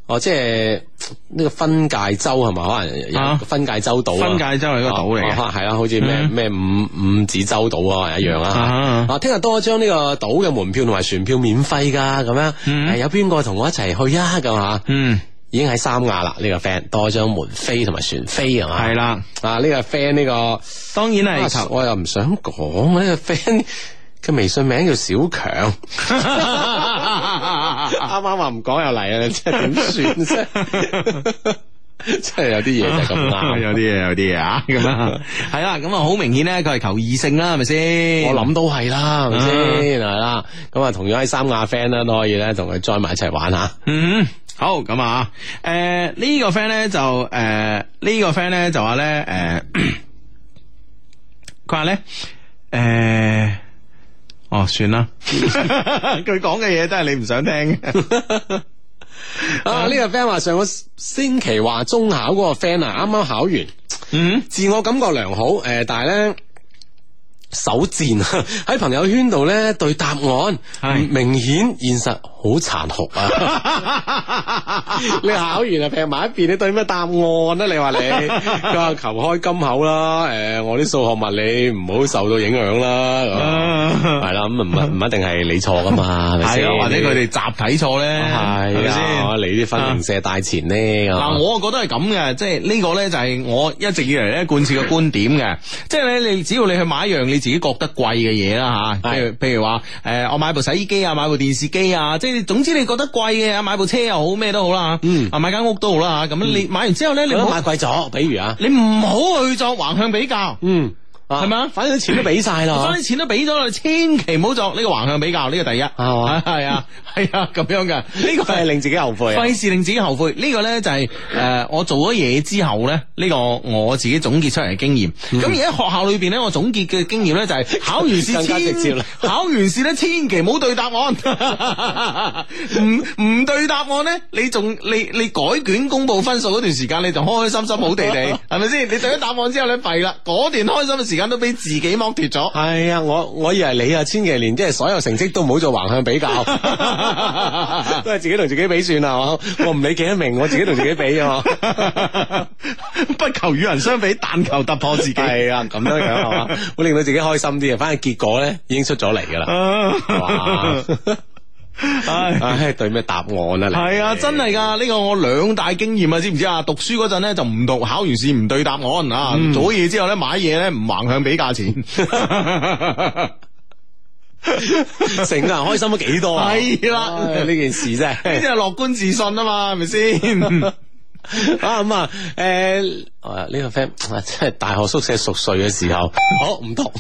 哦，即係呢個分界洲係咪？可能分界洲島，分界洲係一個島嚟。係啊，好似咩咩五五指洲島啊一樣啦啊，聽日多張呢個島嘅門票同埋船票免費噶，咁樣有邊個同我一齊去啊？咁啊，嗯。已經喺三亞啦，呢個 friend 多張門飛同埋船飛係嘛？係啦，啊呢個 friend 呢個當然係，我又唔想講咧。friend 嘅微信名叫小強，啱啱話唔講又嚟啊！真係點算啫？真係有啲嘢就咁啦，有啲嘢有啲嘢啊，咁啊，係啦，咁啊好明顯咧，佢係求異性啦，係咪先？我諗都係啦，係咪先？係啦，咁啊，同樣喺三亞 friend 咧都可以咧，同佢 join 埋一齊玩下。嗯。好咁啊！誒、呃，呢個、呢、呃呢個 friend 咧就誒，呢個 friend 咧就話咧誒，佢話咧誒，哦，算啦，佢講嘅嘢都係你唔想聽。 <laughs> 啊，呢、呢個 friend 話上個星期話中考個 friend 啊，啱啱考完，嗯，自我感覺良好。誒、呃，但係咧，手賤喺 <laughs> 朋友圈度咧對答案，係是明顯現實。好殘酷啊！ <laughs> <laughs> 你考完啊，劈埋一邊，你對咩答案咧？你話你，佢話求開金口啦！誒、呃，我啲數學物理唔好受到影響啦，係、呃、啦，咁唔唔唔一定係你錯噶嘛，係啊， <laughs> 或者佢哋集體錯咧，係咪先？你啲分零舍大錢呢？嗱、呃，我啊覺得係咁嘅，即係呢個咧就係我一直以嚟咧貫徹嘅觀點嘅，即係咧你只要你去買一樣你自己覺得貴嘅嘢啦吓，譬如譬如話誒、呃，我買部洗衣機啊，買部電視機啊，即係。總之你覺得貴嘅，買部車又好，咩都好啦吓，啊、嗯、買間屋都好啦吓，咁、嗯、你買完之後咧的，你唔好買貴咗，比如啊，你唔好去作橫向比較，嗯。係咪啊？反正啲錢都俾晒啦，所以啲錢都俾咗啦，千祈唔好作呢個橫向比較，呢個第一係嘛？係啊，係啊，咁樣噶，呢個係令自己後悔，費事令自己後悔。呢個咧就係誒，我做咗嘢之後咧，呢個我自己總結出嚟嘅經驗。咁而家學校裏邊咧，我總結嘅經驗咧就係考完試直接，考完試咧千祈唔好對答案，唔唔對答案咧，你仲你你改卷公布分數嗰段時間，你就開開心心好地地，係咪先？你對咗答案之後咧弊啦，嗰段開心嘅時。時間都俾自己剝奪咗。係啊、哎，我我以為你啊，千祈連即係所有成績都唔好做橫向比較， <laughs> <laughs> 都係自己同自己比算啦，係嘛。我唔理幾多名， <laughs> 我自己同自己比啊，啊嘛。不求與人相比，但求突破自己。係啊，咁樣樣係嘛，會令到自己開心啲啊。反正結果咧已經出咗嚟噶啦。 <laughs> <laughs> 唉，對咩答案啊？係啊，真係噶，呢個我兩大經驗啊，知唔知啊？讀書嗰陣咧就唔讀，考完試唔對答案啊。做嘢之後咧買嘢咧唔橫向比價錢，成個人開心咗幾多啊！係啦，呢件事啫，呢啲係樂觀自信啊嘛，係咪先？啊咁啊，誒，呢個 friend 即係大學宿舍熟睡嘅時候，好唔同。